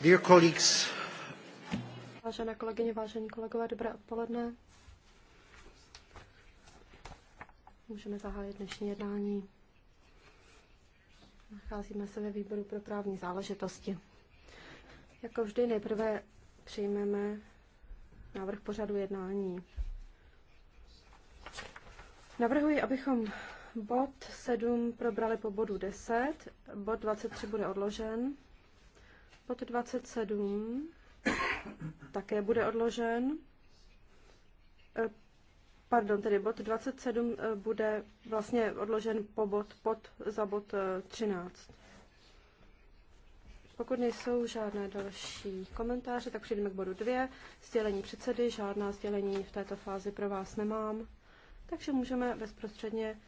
Dear colleagues. Vážené kolegyně, vážení kolegové, dobré odpoledne. Můžeme zahájit dnešní jednání. Nacházíme se ve výboru pro právní záležitosti. Jako vždy nejprve přijmeme návrh pořadu jednání. Navrhuji, abychom bod 7 probrali po bodu 10, bod 23 bude odložen Bod 27 také bude odložen. E, pardon, tedy bod 27 e, bude vlastně odložen po bod, pod, za bod 13. E, Pokud nejsou žádné další komentáře, tak přejdeme k bodu 2. Sdělení předsedy, žádná sdělení v této fázi pro vás nemám. Takže můžeme bezprostředně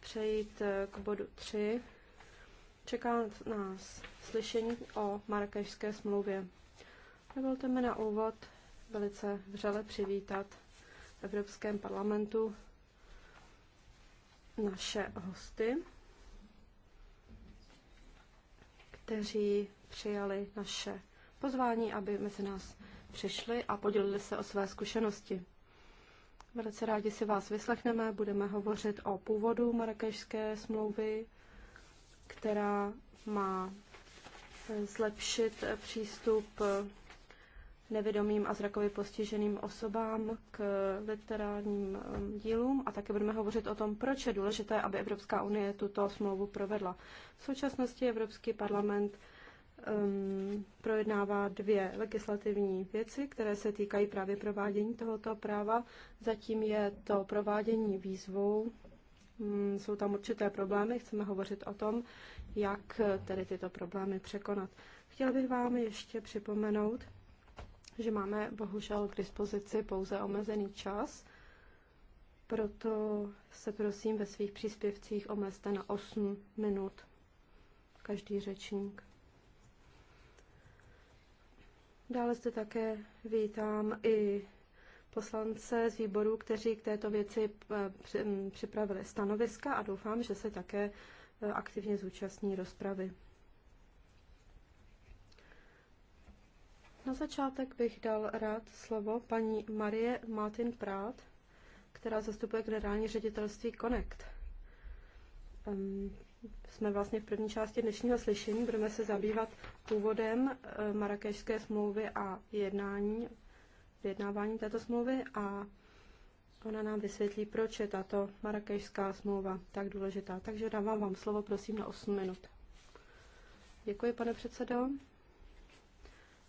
přejít k bodu 3. Čeká nás slyšení o Marrakešské smlouvě. Dovolte mi na úvod velice vřele přivítat v Evropském parlamentu naše hosty, kteří přijali naše pozvání, aby mezi nás přišli a podělili se o své zkušenosti. Velice rádi si vás vyslechneme, budeme hovořit o původu Marrakešské smlouvy, která má eh, zlepšit eh, přístup eh, nevědomým a zrakově postiženým osobám k literárním dílům a také budeme hovořit o tom, proč je důležité, aby Evropská unie tuto smlouvu provedla. V současnosti Evropský parlament um, projednává dvě legislativní věci, které se týkají právě provádění tohoto práva. Zatím je to provádění výzvou Hmm, jsou tam určité problémy, chceme hovořit o tom, jak eh, tedy tyto problémy překonat. Chtěla bych vám ještě připomenout, že máme bohužel k dispozici pouze omezený čas, proto se prosím ve svých příspěvcích omezte na 8 minut každý řečník. Dále jste také vítám i poslance z výboru, kteří k této věci eh, připravili stanoviska a doufám, že se také eh, aktivně zúčastní rozpravy. Na začátek bych dal rád slovo paní Marie Martin Prát, která zastupuje generální ředitelství Connect. Ehm, jsme vlastně v první části dnešního slyšení, budeme se zabývat původem eh, Marrakešské smlouvy a jednání vyjednávání této smlouvy a ona nám vysvětlí, proč je tato marakešská smlouva tak důležitá. Takže dávám vám slovo, prosím, na 8 minut. Děkuji, pane předsedo.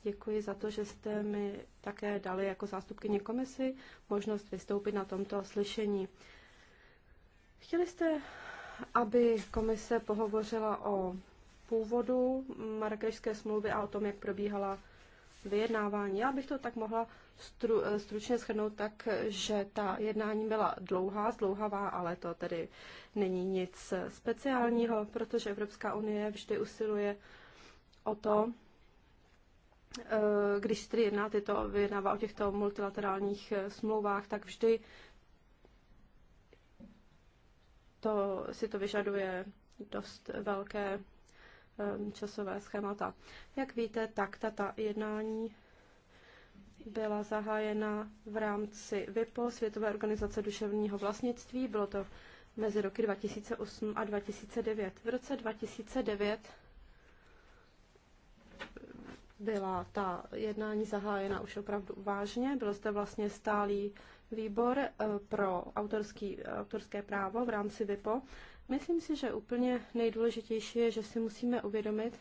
Děkuji za to, že jste mi také dali jako zástupkyně komisy možnost vystoupit na tomto slyšení. Chtěli jste, aby komise pohovořila o původu Marrakešské smlouvy a o tom, jak probíhala vyjednávání. Já bych to tak mohla stru, eh, stručně shrnout tak, že ta jednání byla dlouhá, zdlouhavá, ale to tedy není nic eh, speciálního, protože Evropská unie vždy usiluje o to, eh, když tedy jedná tyto, vyjednává o těchto multilaterálních smlouvách, tak vždy to si to vyžaduje dost velké Um, časové schémata. Jak víte, tak tato jednání byla zahájena v rámci VIPO, Světové organizace duševního vlastnictví. Bylo to mezi roky 2008 a 2009. V roce 2009 byla ta jednání zahájena už opravdu vážně. Byl zde vlastně stálý výbor eh, pro autorský, autorské právo v rámci VIPO Myslím si, že úplně nejdůležitější je, že si musíme uvědomit,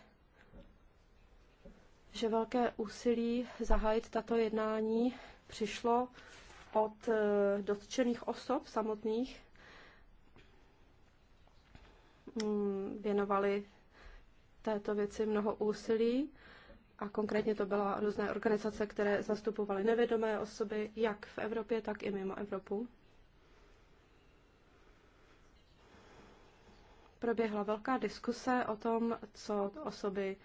že velké úsilí zahájit tato jednání přišlo od eh, dotčených osob samotných. Mm, věnovali této věci mnoho úsilí a konkrétně to byla různé organizace, které zastupovaly nevědomé osoby, jak v Evropě, tak i mimo Evropu. proběhla velká diskuse o tom, co osoby,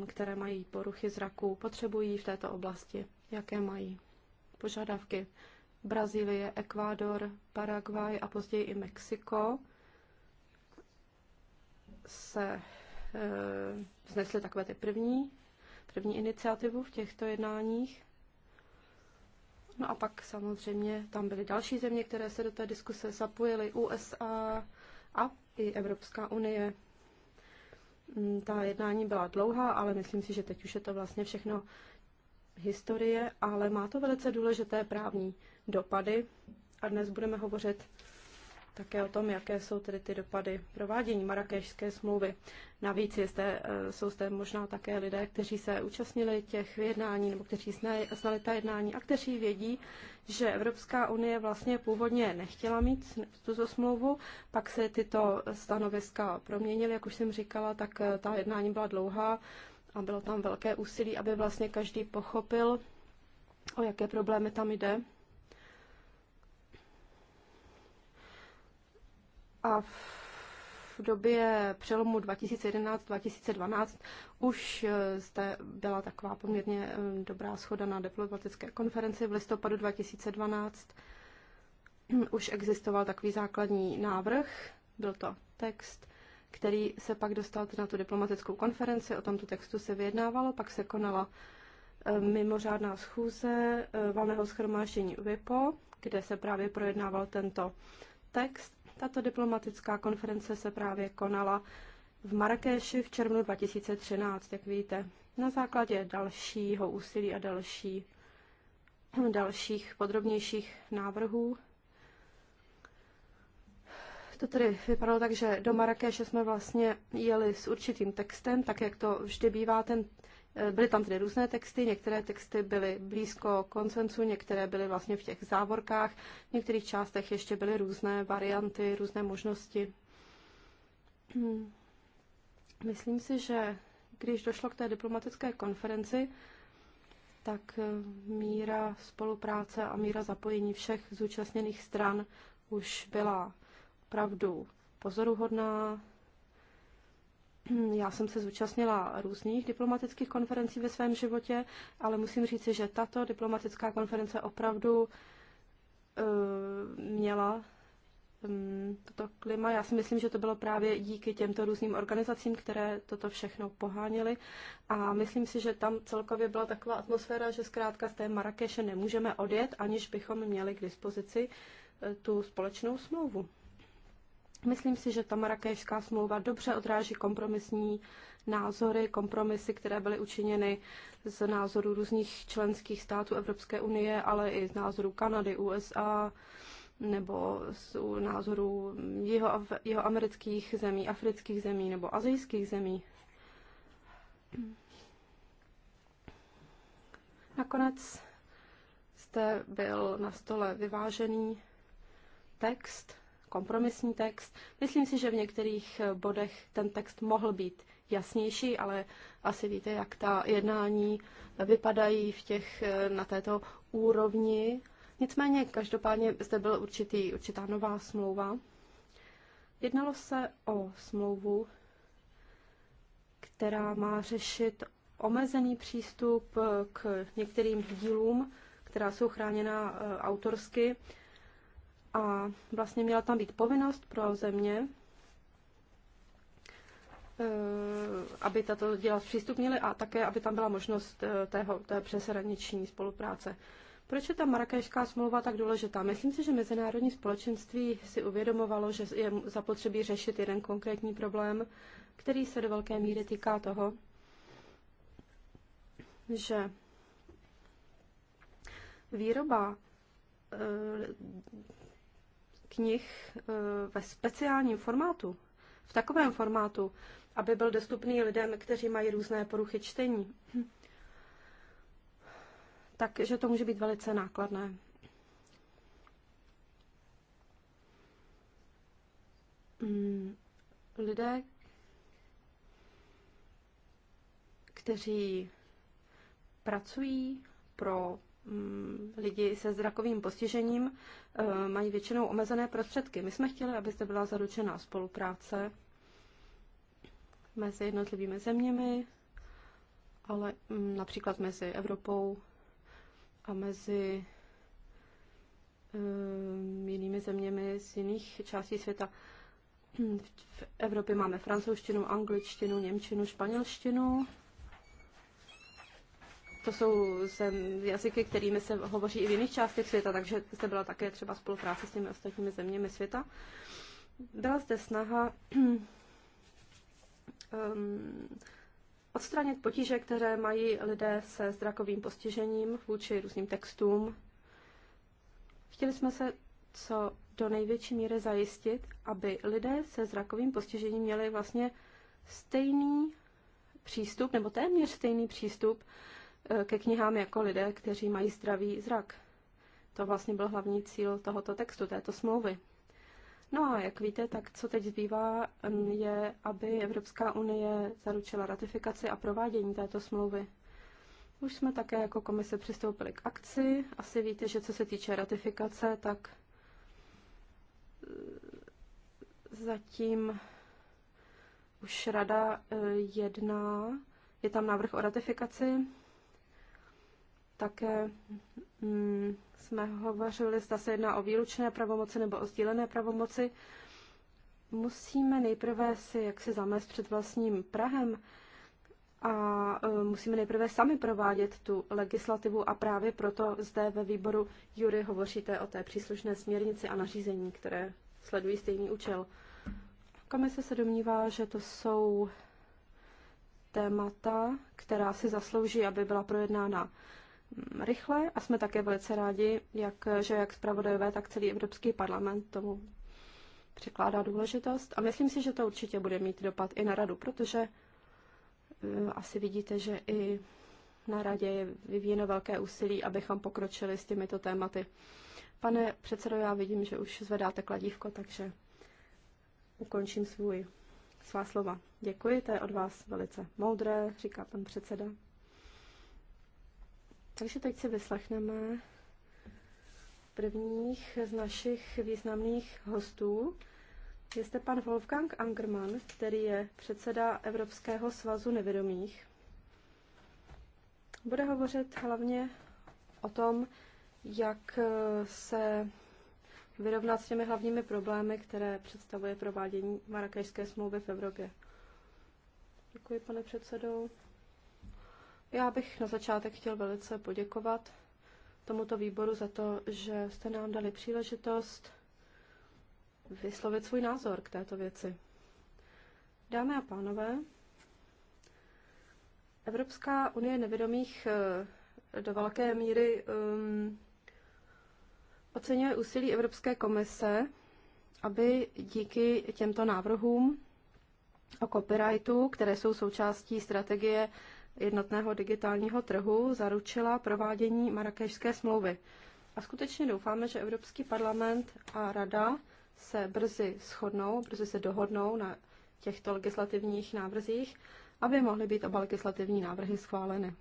um, které mají poruchy zraku, potřebují v této oblasti, jaké mají požadavky. Brazílie, Ekvádor, Paraguay a později i Mexiko se eh, vznesly takové ty první, první iniciativu v těchto jednáních. No a pak samozřejmě tam byly další země, které se do té diskuse zapojily, USA a i Evropská unie. Mm, ta jednání byla dlouhá, ale myslím si, že teď už je to vlastně všechno historie, ale má to velice důležité právní dopady. A dnes budeme hovořit také o tom, jaké jsou tedy ty dopady provádění marakešské smlouvy. Navíc je zde, eh, jsou zde možná také lidé, kteří se účastnili těch jednání nebo kteří znali ta jednání a kteří vědí, že Evropská unie vlastně původně nechtěla mít tuto smlouvu, pak se tyto stanoviska proměnily, jak už jsem říkala, tak eh, ta jednání byla dlouhá a bylo tam velké úsilí, aby vlastně každý pochopil, o jaké problémy tam jde. a v době přelomu 2011-2012 už eh, zde byla taková poměrně eh, dobrá schoda na diplomatické konferenci v listopadu 2012. Už existoval takový základní návrh, byl to text, který se pak dostal na tu diplomatickou konferenci. O tomto textu se vyjednávalo, pak se konala eh, mimořádná schůze valného schromáždění VIPO, kde se právě projednával tento text tato diplomatická konference se právě konala v Marrakeši v červnu 2013, jak víte. Na základě dalšího úsilí a další, dalších podrobnějších návrhů to tedy vypadalo tak, že do Marrakeše jsme vlastně jeli s určitým textem, tak jak to vždy bývá, ten Eh, byly tam tedy různé texty, některé texty byly blízko koncensu, některé byly vlastně v těch závorkách, v některých částech ještě byly různé varianty, různé možnosti. Hmm. Myslím si, že když došlo k té diplomatické konferenci, tak eh, míra spolupráce a míra zapojení všech zúčastněných stran už byla opravdu pozoruhodná, Hmm, já jsem se zúčastnila různých diplomatických konferencí ve svém životě, ale musím říci, že tato diplomatická konference opravdu eh, měla hmm, toto klima. Já si myslím, že to bylo právě díky těmto různým organizacím, které toto všechno poháněly. A myslím si, že tam celkově byla taková atmosféra, že zkrátka z té Marrakeše nemůžeme odjet, aniž bychom měli k dispozici eh, tu společnou smlouvu. Myslím si, že ta marakešská smlouva dobře odráží kompromisní názory, kompromisy, které byly učiněny z názorů různých členských států Evropské unie, ale i z názorů Kanady, USA nebo z názorů jeho, jeho amerických zemí, afrických zemí nebo azijských zemí. Nakonec jste byl na stole vyvážený text, kompromisní text. Myslím si, že v některých bodech ten text mohl být jasnější, ale asi víte, jak ta jednání vypadají v těch, eh, na této úrovni. Nicméně každopádně zde byl určitý, určitá nová smlouva. Jednalo se o smlouvu, která má řešit omezený přístup eh, k některým dílům, která jsou chráněna eh, autorsky a vlastně měla tam být povinnost pro země, eh, aby tato děla zpřístupnili a také, aby tam byla možnost eh, tého, té přeshraniční spolupráce. Proč je ta marakešská smlouva tak důležitá? Myslím si, že mezinárodní společenství si uvědomovalo, že je zapotřebí řešit jeden konkrétní problém, který se do velké míry týká toho, že výroba eh, knih eh, ve speciálním formátu, v takovém formátu, aby byl dostupný lidem, kteří mají různé poruchy čtení. Takže to může být velice nákladné. Mm, lidé, kteří pracují pro Mm, lidi se zrakovým postižením eh, mají většinou omezené prostředky. My jsme chtěli, aby zde byla zaručená spolupráce mezi jednotlivými zeměmi, ale mm, například mezi Evropou a mezi eh, jinými zeměmi z jiných částí světa. V Evropě máme francouzštinu, angličtinu, němčinu, španělštinu to jsou sem jazyky, kterými se hovoří i v jiných částech světa, takže zde byla také třeba spolupráce s těmi ostatními zeměmi světa. Byla zde snaha um, odstranit potíže, které mají lidé se zrakovým postižením vůči různým textům. Chtěli jsme se co do největší míry zajistit, aby lidé se zrakovým postižením měli vlastně stejný přístup, nebo téměř stejný přístup Eh, ke knihám jako lidé, kteří mají zdravý zrak. To vlastně byl hlavní cíl tohoto textu, této smlouvy. No a jak víte, tak co teď zbývá, mm, je, aby Evropská unie zaručila ratifikaci a provádění této smlouvy. Už jsme také jako komise přistoupili k akci. Asi víte, že co se týče ratifikace, tak eh, zatím už rada eh, jedná. Je tam návrh o ratifikaci také mm, jsme hovořili, zda se jedná o výlučné pravomoci nebo o sdílené pravomoci. Musíme nejprve si jak si zamést před vlastním Prahem a e, musíme nejprve sami provádět tu legislativu a právě proto zde ve výboru Jury hovoříte o té příslušné směrnici a nařízení, které sledují stejný účel. Komise se domnívá, že to jsou témata, která si zaslouží, aby byla projednána rychle a jsme také velice rádi, jak, že jak zpravodajové, tak celý Evropský parlament tomu překládá důležitost. A myslím si, že to určitě bude mít dopad i na radu, protože eh, asi vidíte, že i na radě je vyvíjeno velké úsilí, abychom pokročili s těmito tématy. Pane předsedo, já vidím, že už zvedáte kladívko, takže ukončím svůj svá slova. Děkuji, to je od vás velice moudré, říká pan předseda. Takže teď si vyslechneme prvních z našich významných hostů. Je zde pan Wolfgang Angermann, který je předseda Evropského svazu nevědomých. Bude hovořit hlavně o tom, jak se vyrovnat s těmi hlavními problémy, které představuje provádění Marrakešské smlouvy v Evropě. Děkuji, pane předsedo. Já bych na začátek chtěl velice poděkovat tomuto výboru za to, že jste nám dali příležitost vyslovit svůj názor k této věci. Dámy a pánové, Evropská unie nevědomých eh, do velké míry um, oceňuje úsilí Evropské komise, aby díky těmto návrhům o copyrightu, které jsou součástí strategie jednotného digitálního trhu zaručila provádění Marrakešské smlouvy. A skutečně doufáme, že Evropský parlament a Rada se brzy shodnou, brzy se dohodnou na těchto legislativních návrzích, aby mohly být oba legislativní návrhy schváleny.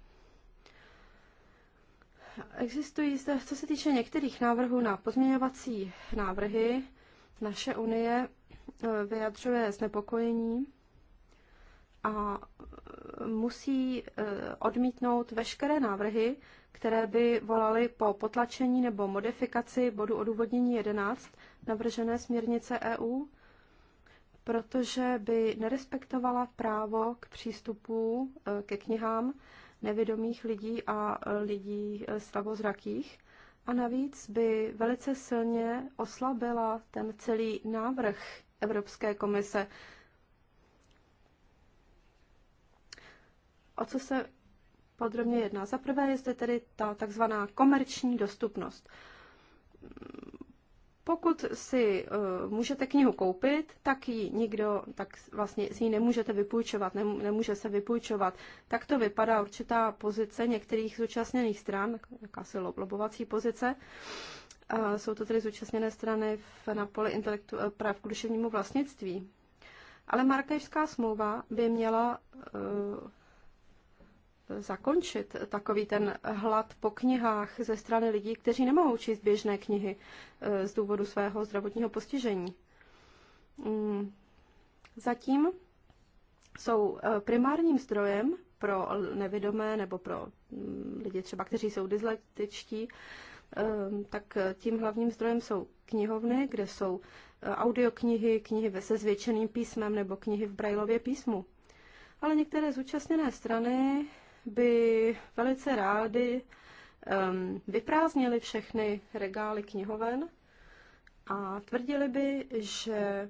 Existují zde, co se týče některých návrhů na pozměňovací návrhy, naše unie eh, vyjadřuje znepokojení a musí e, odmítnout veškeré návrhy, které by volaly po potlačení nebo modifikaci bodu odůvodnění 11 navržené směrnice EU, protože by nerespektovala právo k přístupu e, ke knihám nevědomých lidí a lidí e, slabozrakých. A navíc by velice silně oslabila ten celý návrh Evropské komise, O co se podrobně jedná? Za prvé je zde tedy ta takzvaná komerční dostupnost. Pokud si uh, můžete knihu koupit, tak ji nikdo, tak vlastně si ji nemůžete vypůjčovat, nemůže se vypůjčovat. Tak to vypadá určitá pozice některých zúčastněných stran, jakási lobovací pozice. Uh, jsou to tedy zúčastněné strany v, na poli intelektu, eh, práv k duševnímu vlastnictví. Ale Marrakešská smlouva by měla uh, zakončit takový ten hlad po knihách ze strany lidí, kteří nemohou číst běžné knihy eh, z důvodu svého zdravotního postižení. Mm. Zatím jsou eh, primárním zdrojem pro nevidomé nebo pro mm, lidi třeba, kteří jsou dyslektičtí, eh, tak tím hlavním zdrojem jsou knihovny, kde jsou audioknihy, knihy se zvětšeným písmem nebo knihy v brajlově písmu. Ale některé zúčastněné strany by velice rádi um, vyprázdnili všechny regály knihoven a tvrdili by, že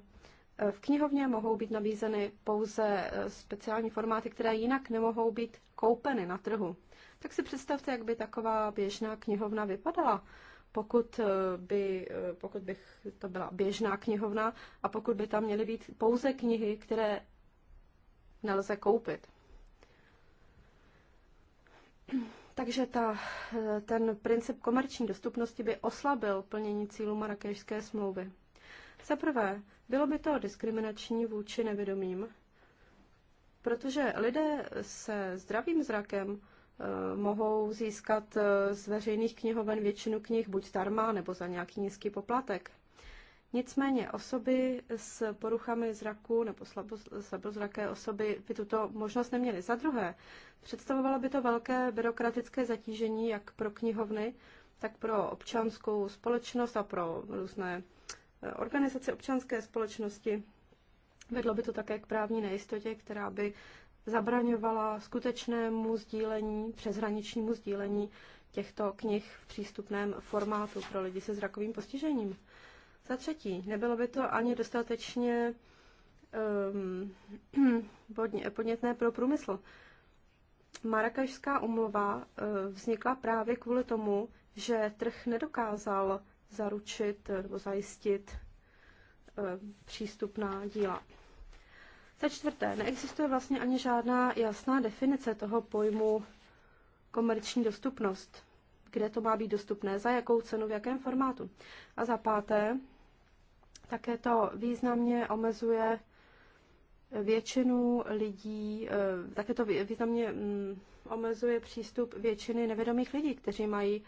e, v knihovně mohou být nabízeny pouze e, speciální formáty, které jinak nemohou být koupeny na trhu. Tak si představte, jak by taková běžná knihovna vypadala, pokud, e, by, pokud by to byla běžná knihovna a pokud by tam měly být pouze knihy, které nelze koupit. Takže ta, ten princip komerční dostupnosti by oslabil plnění cílu marakešské smlouvy. Za prvé, bylo by to diskriminační vůči nevědomým, protože lidé se zdravým zrakem eh, mohou získat eh, z veřejných knihoven většinu knih buď zdarma nebo za nějaký nízký poplatek. Nicméně osoby s poruchami zraku nebo slabozraké osoby by tuto možnost neměly. Za druhé, představovalo by to velké byrokratické zatížení jak pro knihovny, tak pro občanskou společnost a pro různé eh, organizace občanské společnosti. Vedlo by to také k právní nejistotě, která by zabraňovala skutečnému sdílení, přeshraničnímu sdílení těchto knih v přístupném formátu pro lidi se zrakovým postižením. Za třetí, nebylo by to ani dostatečně um, podnětné pro průmysl. Marrakešská umluva eh, vznikla právě kvůli tomu, že trh nedokázal zaručit eh, nebo zajistit eh, přístupná díla. Za čtvrté, neexistuje vlastně ani žádná jasná definice toho pojmu komerční dostupnost, kde to má být dostupné, za jakou cenu, v jakém formátu. A za páté, také to významně omezuje většinu lidí, eh, také to významně mm, omezuje přístup většiny nevědomých lidí, kteří mají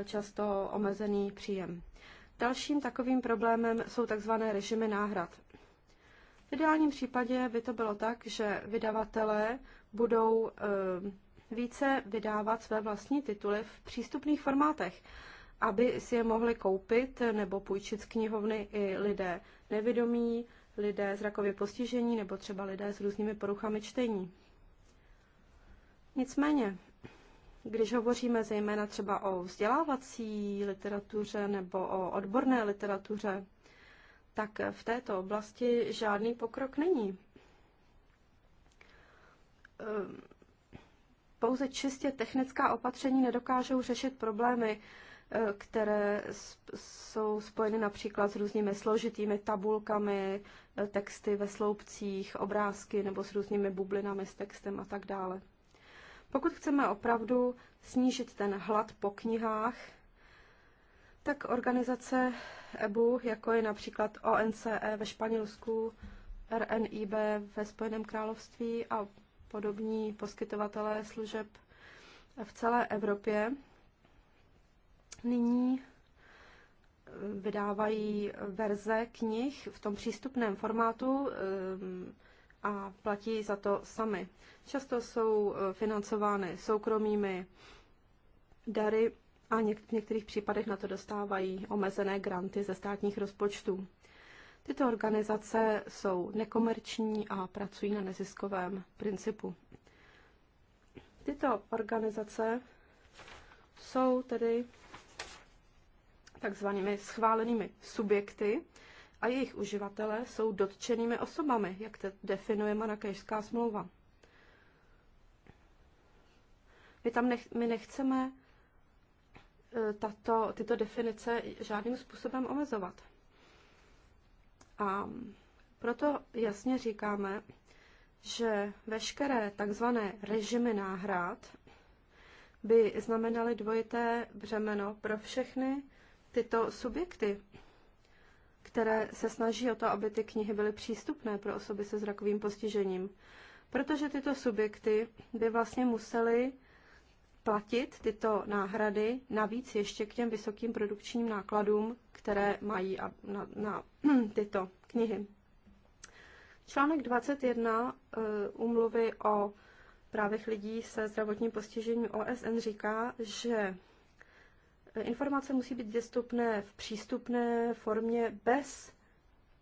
eh, často omezený příjem. Dalším takovým problémem jsou tzv. režimy náhrad. V ideálním případě by to bylo tak, že vydavatelé budou eh, více vydávat své vlastní tituly v přístupných formátech aby si je mohli koupit nebo půjčit z knihovny i lidé nevědomí, lidé zrakově postižení nebo třeba lidé s různými poruchami čtení. Nicméně, když hovoříme zejména třeba o vzdělávací literatuře nebo o odborné literatuře, tak v této oblasti žádný pokrok není. Ehm, pouze čistě technická opatření nedokážou řešit problémy, Eh, které jsou spojeny například s různými složitými tabulkami, eh, texty ve sloupcích, obrázky nebo s různými bublinami s textem a tak dále. Pokud chceme opravdu snížit ten hlad po knihách, tak organizace EBU, jako je například ONCE ve Španělsku, RNIB ve Spojeném království a podobní poskytovatelé služeb v celé Evropě, nyní eh, vydávají verze knih v tom přístupném formátu eh, a platí za to sami. Často jsou eh, financovány soukromými dary a v některých případech na to dostávají omezené granty ze státních rozpočtů. Tyto organizace jsou nekomerční a pracují na neziskovém principu. Tyto organizace jsou tedy takzvanými schválenými subjekty a jejich uživatelé jsou dotčenými osobami, jak to definuje Marrakešská smlouva. My tam nech, my nechceme e, tato, tyto definice žádným způsobem omezovat. A proto jasně říkáme, že veškeré takzvané režimy náhrad by znamenaly dvojité břemeno pro všechny tyto subjekty, které se snaží o to, aby ty knihy byly přístupné pro osoby se zrakovým postižením. Protože tyto subjekty by vlastně musely platit tyto náhrady, navíc ještě k těm vysokým produkčním nákladům, které mají na, na, na tyto knihy. Článek 21 uh, umluvy o právech lidí se zdravotním postižením OSN říká, že Informace musí být dostupné v přístupné formě bez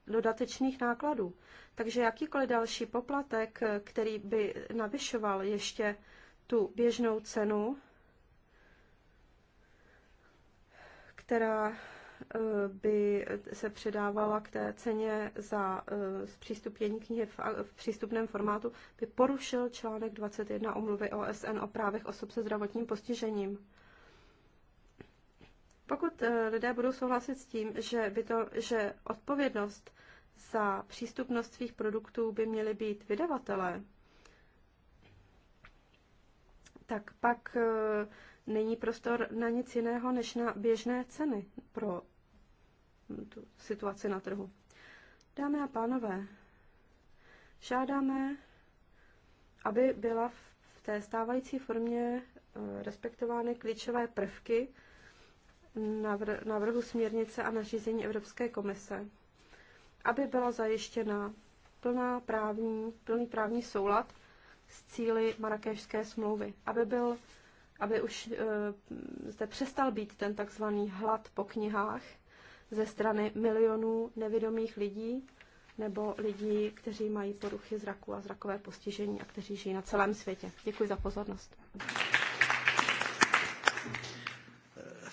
dodatečných nákladů. Takže jakýkoliv další poplatek, který by navyšoval ještě tu běžnou cenu, která eh, by se předávala k té ceně za eh, zpřístupnění knihy v přístupném formátu, by porušil článek 21 omluvy OSN o právech osob se zdravotním postižením. Pokud eh, lidé budou souhlasit s tím, že, by to, že odpovědnost za přístupnost svých produktů by měly být vydavatelé, tak pak eh, není prostor na nic jiného než na běžné ceny pro tu situaci na trhu. Dámy a pánové, žádáme, aby byla v té stávající formě eh, respektovány klíčové prvky, návrhu směrnice a nařízení Evropské komise, aby byla zajištěna plná právní, plný právní soulad s cíly Marrakešské smlouvy, aby byl aby už e, zde přestal být ten takzvaný hlad po knihách ze strany milionů nevědomých lidí nebo lidí, kteří mají poruchy zraku a zrakové postižení a kteří žijí na celém světě. Děkuji za pozornost.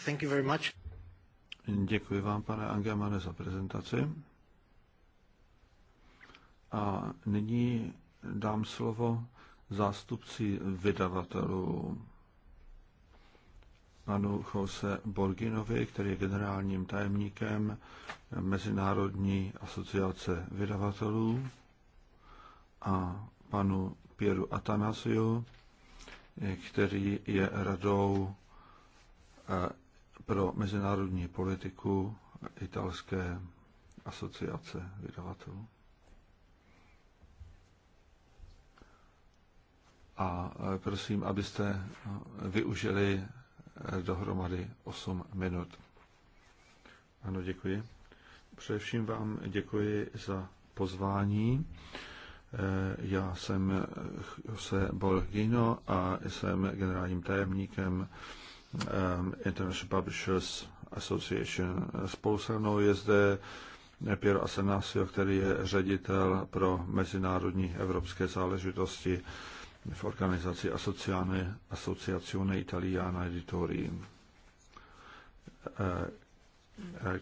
Thank you very much. Děkuji vám, pane Angemane, za prezentaci. A nyní dám slovo zástupci vydavatelů panu Jose Borginovi, který je generálním tajemníkem Mezinárodní asociace vydavatelů a panu Pieru Atanasiu, který je radou eh, pro mezinárodní politiku italské asociace vydavatelů. A e, prosím, abyste využili e, dohromady 8 minut. Ano, děkuji. Především vám děkuji za pozvání. E, já jsem Jose Borgino a jsem generálním tajemníkem Um, International Publishers Association. Spolu se mnou je zde Piero Asenasio, který je ředitel pro mezinárodní evropské záležitosti v organizaci Asociane, Asociazione Italiana Editori.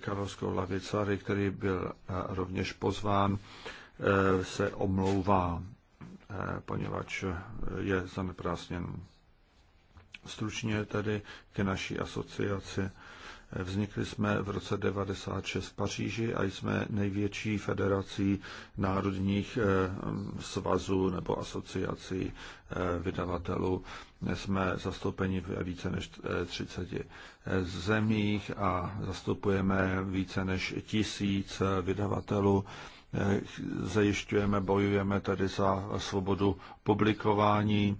Karolsko eh, eh, Lavicari, který byl eh, rovněž pozván, se omlouvá, poněvadž je zaneprázdněn. Stručně tedy k naší asociaci. Vznikli jsme v roce 96 v Paříži a jsme největší federací národních eh, svazů nebo asociací eh, vydavatelů. Jsme zastoupeni v více než 30 eh, zemích a zastupujeme více než tisíc vydavatelů. Zajišťujeme, bojujeme tedy za svobodu publikování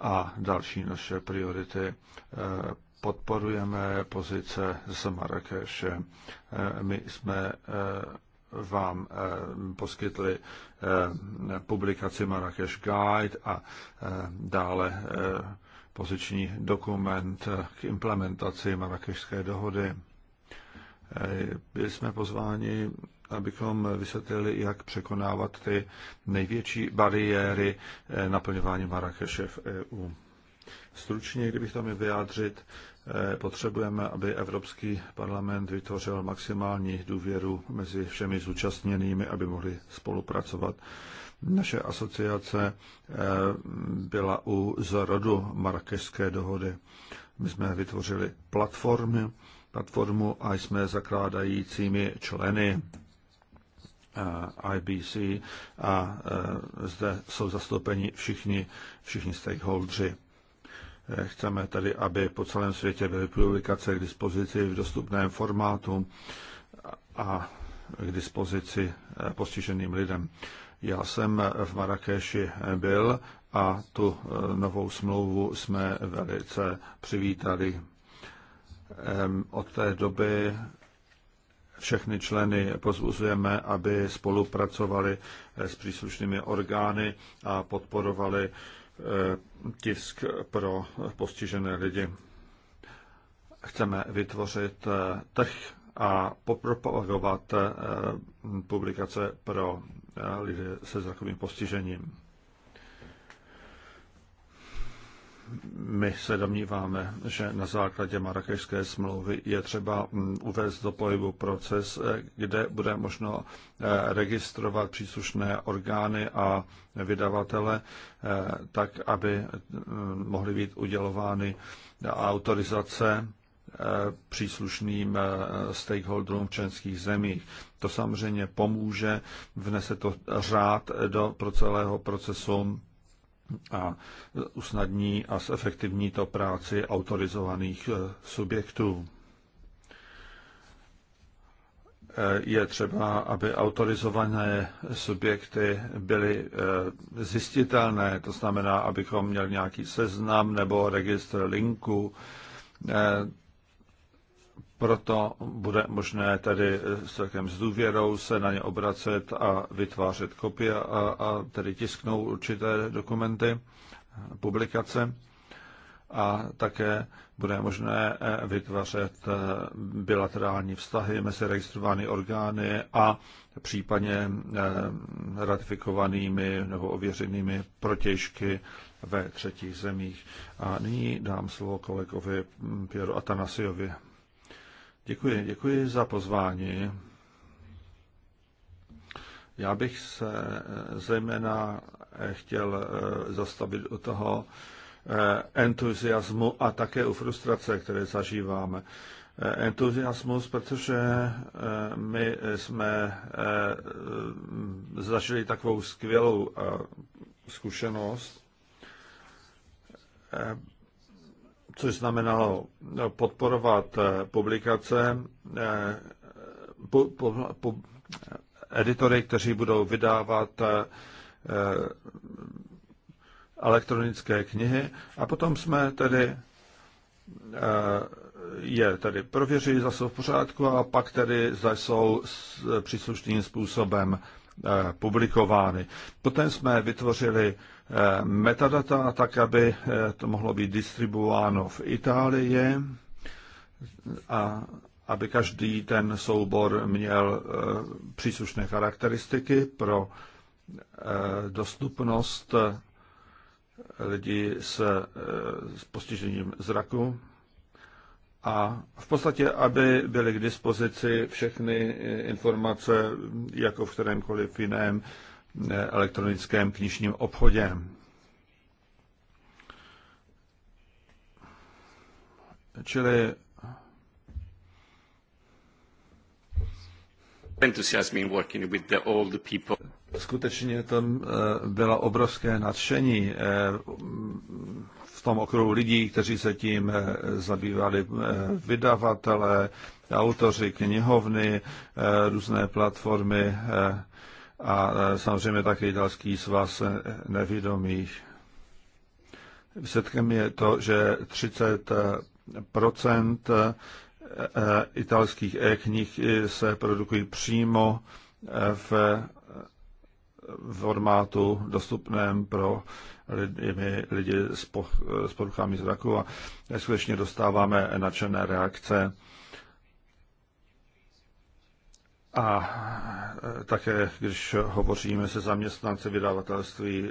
a další naše priority. Eh, podporujeme pozice z Marrakeše. Eh, my jsme eh, vám poskytli publikaci Marrakeš Guide a dále poziční dokument k implementaci Marrakešské dohody. Byli jsme pozváni abychom vysvětlili, jak překonávat ty největší bariéry eh, naplňování Marrakeše v EU. Stručně, kdybych tam je vyjádřit, eh, potřebujeme, aby Evropský parlament vytvořil maximální důvěru mezi všemi zúčastněnými, aby mohli spolupracovat. Naše asociace eh, byla u zrodu Marrakešské dohody. My jsme vytvořili platformy, platformu a jsme zakládajícími členy IBC a e, zde jsou zastoupeni všichni, všichni stakeholdři. E, chceme tedy, aby po celém světě byly publikace k dispozici v dostupném formátu a k dispozici e, postiženým lidem. Já jsem v Marrakeši byl a tu novou smlouvu jsme velice přivítali. Od té doby všechny členy pozvuzujeme, aby spolupracovali eh, s příslušnými orgány a podporovali eh, tisk pro postižené lidi. Chceme vytvořit eh, trh a propagovat publikace pro lidi se zrakovým postižením. se domníváme, že na základě marakešské smlouvy je třeba mm, uvést do pohybu proces, eh, kde bude možno eh, registrovat příslušné orgány a vydavatele eh, tak, aby mm, mohly být udělovány autorizace příslušným stakeholderům v členských zemích. To samozřejmě pomůže, vnese to řád do celého procesu a usnadní a zefektivní to práci autorizovaných e, subjektů. E, je třeba, aby autorizované subjekty byly e, zjistitelné, to znamená, abychom měli nějaký seznam nebo registr linku, proto bude možné tedy s takovým s důvěrou se na ně obracet a vytvářet kopie a, a tedy tisknou určité dokumenty, publikace. A také bude možné eh, vytvářet eh, bilaterální vztahy mezi registrovanými orgány a případně eh, ratifikovanými nebo ověřenými protěžky ve třetích zemích. A nyní dám slovo kolegovi Pěru Atanasiovi. Děkuji, děkuji za pozvání. Já bych se eh, zejména eh, chtěl eh, zastavit u toho entuziasmu a také u frustrace, které zažíváme. Entuziasmus, protože my jsme zažili takovou skvělou zkušenost což znamenalo podporovat eh, publikace, po, po, po, editory, kteří budou vydávat eh, eh, elektronické knihy. A potom jsme tedy je tedy prověřili, zda jsou v pořádku a pak tedy zda jsou příslušným způsobem publikovány. Potom jsme vytvořili metadata, tak aby eh, to mohlo být distribuováno v Itálii a aby každý ten soubor měl eh, příslušné charakteristiky pro eh, dostupnost lidí s, s postižením zraku a v podstatě, aby byly k dispozici všechny informace, jako v kterémkoliv jiném elektronickém knižním obchodě. Čili Skutečně tam eh, bylo obrovské nadšení eh, v tom okruhu lidí, kteří se tím eh, zabývali vydavatele, autoři, knihovny, různé platformy, a e, samozřejmě také italský svaz nevědomých. Výsledkem je to, že 30 e, e, italských e-knih se produkují přímo v formátu dostupném pro lidi, lidi s, poruchami zraku a skutečně dostáváme nadšené reakce a e, také, když hovoříme se zaměstnanci vydavatelství, e,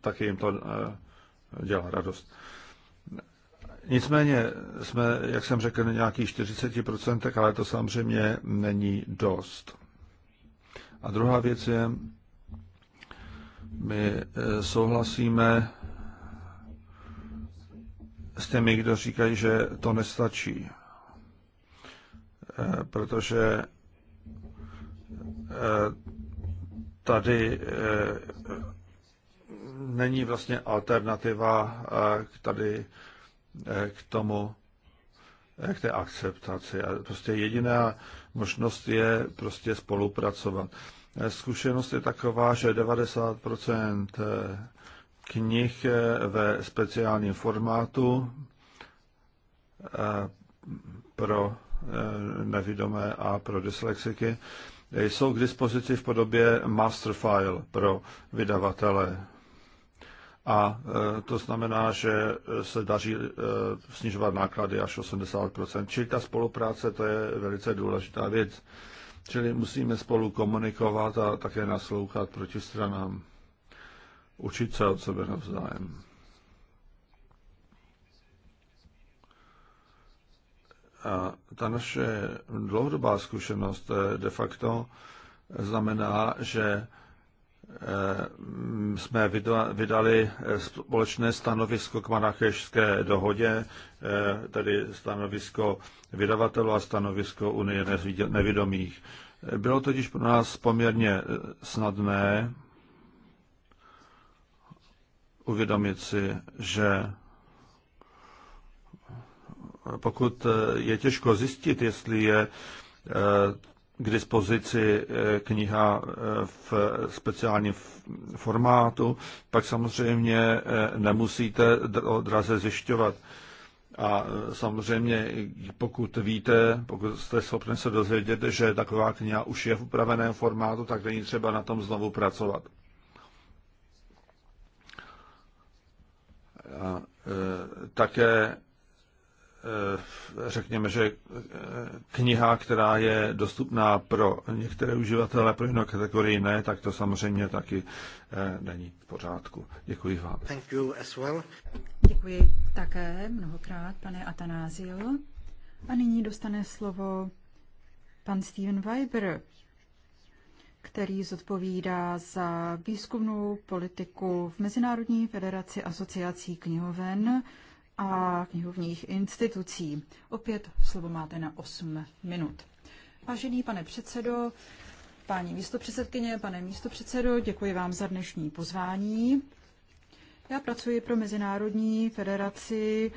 taky jim to e, dělá radost. Nicméně jsme, jak jsem řekl, na nějakých 40%, ale to samozřejmě není dost. A druhá věc je, my souhlasíme s těmi, kdo říkají, že to nestačí, protože Eh, tady eh, není vlastně alternativa eh, k tady k tomu, k té akceptaci. A prostě jediná možnost je prostě spolupracovat. Zkušenost je taková, že 90% knih ve speciálním formátu pro nevidomé a pro dyslexiky jsou k dispozici v podobě master file pro vydavatele. A e, to znamená, že se daří e, snižovat náklady až 80%. Čili ta spolupráce to je velice důležitá věc. Čili musíme spolu komunikovat a také naslouchat proti stranám. Učit se od sebe navzájem. A ta naše dlouhodobá zkušenost eh, de facto znamená, že eh, jsme vydali eh, společné stanovisko k Marrakešské dohodě, tedy stanovisko vydavatelů a stanovisko Unie nevidomých. Bylo totiž pro nás poměrně snadné uvědomit si, že pokud eh, je těžko zjistit, jestli je eh, k dispozici eh, kniha v speciálním formátu, pak samozřejmě nemusíte odraze zjišťovat. A samozřejmě, pokud víte, pokud jste schopni se dozvědět, že taková kniha už je v upraveném formátu, tak není třeba na tom znovu pracovat. A, e, také Eh, řekněme, že eh, kniha, která je dostupná pro některé uživatele, pro jinou kategorii ne, tak to samozřejmě taky eh, není v pořádku. Děkuji vám. Thank you as well. Děkuji také mnohokrát, pane Atanázio. A nyní dostane slovo pan Steven Weiber, který zodpovídá za výzkumnou politiku v Mezinárodní federaci asociací knihoven a knihovních institucí. Opět slovo máte na 8 minut. Vážený pane předsedo, paní místopředsedkyně, pane místopředsedo, děkuji vám za dnešní pozvání. Já pracuji pro Mezinárodní federaci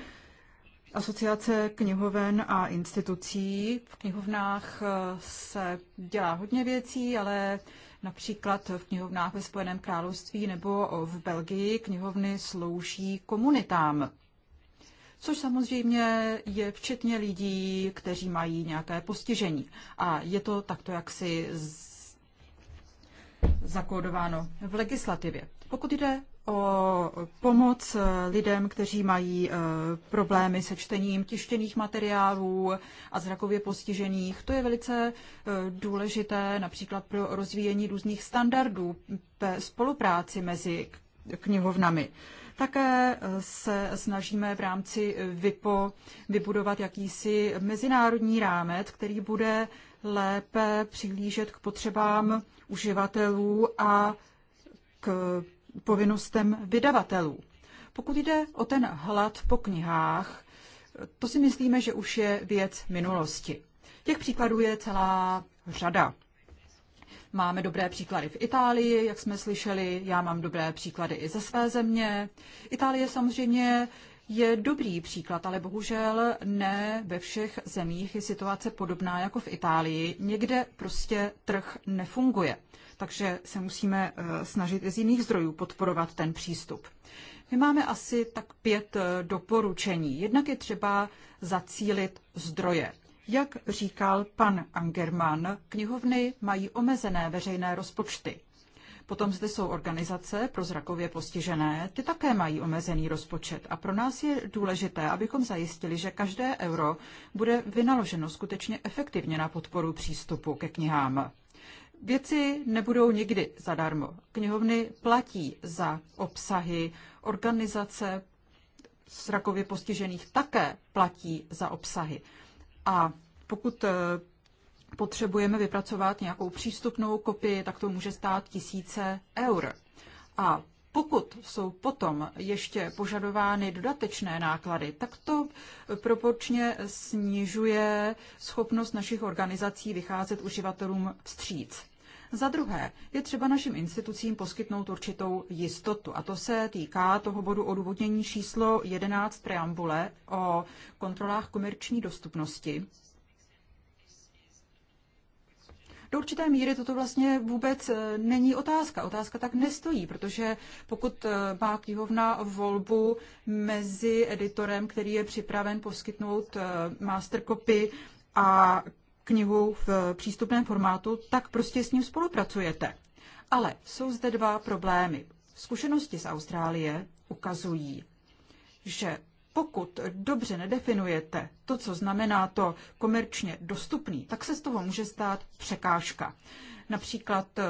Asociace knihoven a institucí. V knihovnách eh, se dělá hodně věcí, ale například v knihovnách ve Spojeném království nebo v Belgii knihovny slouží komunitám což samozřejmě je včetně lidí, kteří mají nějaké postižení. A je to takto jaksi zakódováno v legislativě. Pokud jde o pomoc lidem, kteří mají eh, problémy se čtením tištěných materiálů a zrakově postižených. To je velice eh, důležité například pro rozvíjení různých standardů ve spolupráci mezi knihovnami. Také eh, se snažíme v rámci eh, VIPO vybudovat jakýsi mezinárodní rámec, který bude lépe přihlížet k potřebám uživatelů a k povinnostem vydavatelů. Pokud jde o ten hlad po knihách, eh, to si myslíme, že už je věc minulosti. Těch příkladů je celá řada. Máme dobré příklady v Itálii, jak jsme slyšeli, já mám dobré příklady i ze své země. Itálie samozřejmě je dobrý příklad, ale bohužel ne ve všech zemích je situace podobná jako v Itálii. Někde prostě trh nefunguje, takže se musíme eh, snažit z jiných zdrojů podporovat ten přístup. My máme asi tak pět eh, doporučení. Jednak je třeba zacílit zdroje. Jak říkal pan Angerman, knihovny mají omezené veřejné rozpočty. Potom zde jsou organizace pro zrakově postižené, ty také mají omezený rozpočet a pro nás je důležité, abychom zajistili, že každé euro bude vynaloženo skutečně efektivně na podporu přístupu ke knihám. Věci nebudou nikdy zadarmo. Knihovny platí za obsahy, organizace zrakově postižených také platí za obsahy. A pokud eh, potřebujeme vypracovat nějakou přístupnou kopii, tak to může stát tisíce eur. A pokud jsou potom ještě požadovány dodatečné náklady, tak to proporčně snižuje schopnost našich organizací vycházet uživatelům vstříc. Za druhé, je třeba našim institucím poskytnout určitou jistotu. A to se týká toho bodu odůvodnění číslo 11 preambule o kontrolách komerční dostupnosti. Do určité míry toto vlastně vůbec e, není otázka. Otázka tak nestojí, protože pokud e, má knihovna volbu mezi editorem, který je připraven poskytnout e, masterkopy a knihu v přístupném formátu, tak prostě s ním spolupracujete. Ale jsou zde dva problémy. Zkušenosti z Austrálie ukazují, že pokud dobře nedefinujete to, co znamená to komerčně dostupný, tak se z toho může stát překážka. Například eh,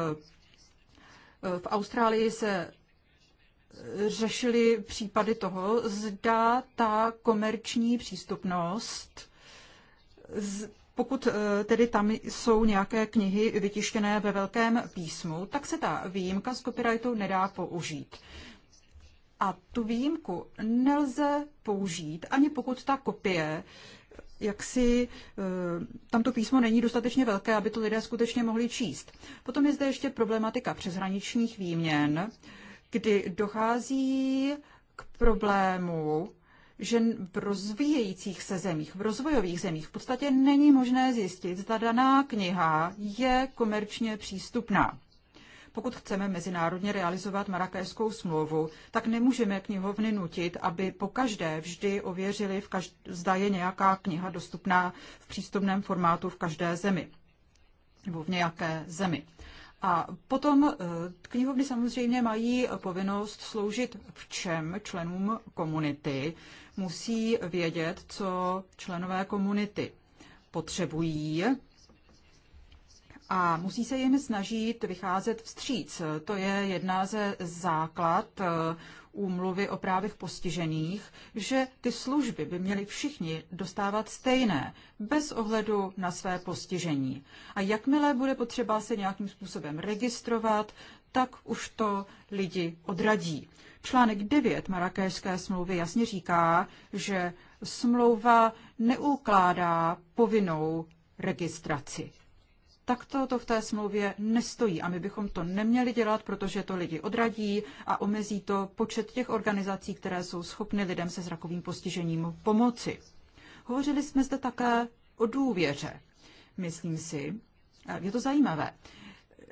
v Austrálii se řešili případy toho, zda ta komerční přístupnost pokud eh, tedy tam jsou nějaké knihy vytištěné ve velkém písmu, tak se ta výjimka z copyrightu nedá použít. A tu výjimku nelze použít, ani pokud ta kopie jak si eh, tam to písmo není dostatečně velké, aby to lidé skutečně mohli číst. Potom je zde ještě problematika přeshraničních výměn, kdy dochází k problému, že v rozvíjejících se zemích, v rozvojových zemích, v podstatě není možné zjistit, zda daná kniha je komerčně přístupná. Pokud chceme mezinárodně realizovat marakéskou smlouvu, tak nemůžeme knihovny nutit, aby po každé vždy ověřili, v každ- zda je nějaká kniha dostupná v přístupném formátu v každé zemi nebo v nějaké zemi. A potom eh, knihovny samozřejmě mají povinnost sloužit všem členům komunity, musí vědět, co členové komunity potřebují a musí se jim snažit vycházet vstříc. To je jedna ze základ eh, úmluvy o právech postižených, že ty služby by měli všichni dostávat stejné, bez ohledu na své postižení. A jakmile bude potřeba se nějakým způsobem registrovat, tak už to lidi odradí. Článek 9 Marrakešské smlouvy jasně říká, že smlouva neukládá povinnou registraci. Takto to v té smlouvě nestojí a my bychom to neměli dělat, protože to lidi odradí a omezí to počet těch organizací, které jsou schopny lidem se zrakovým postižením pomoci. Hovořili jsme zde také o důvěře. Myslím si, je to zajímavé,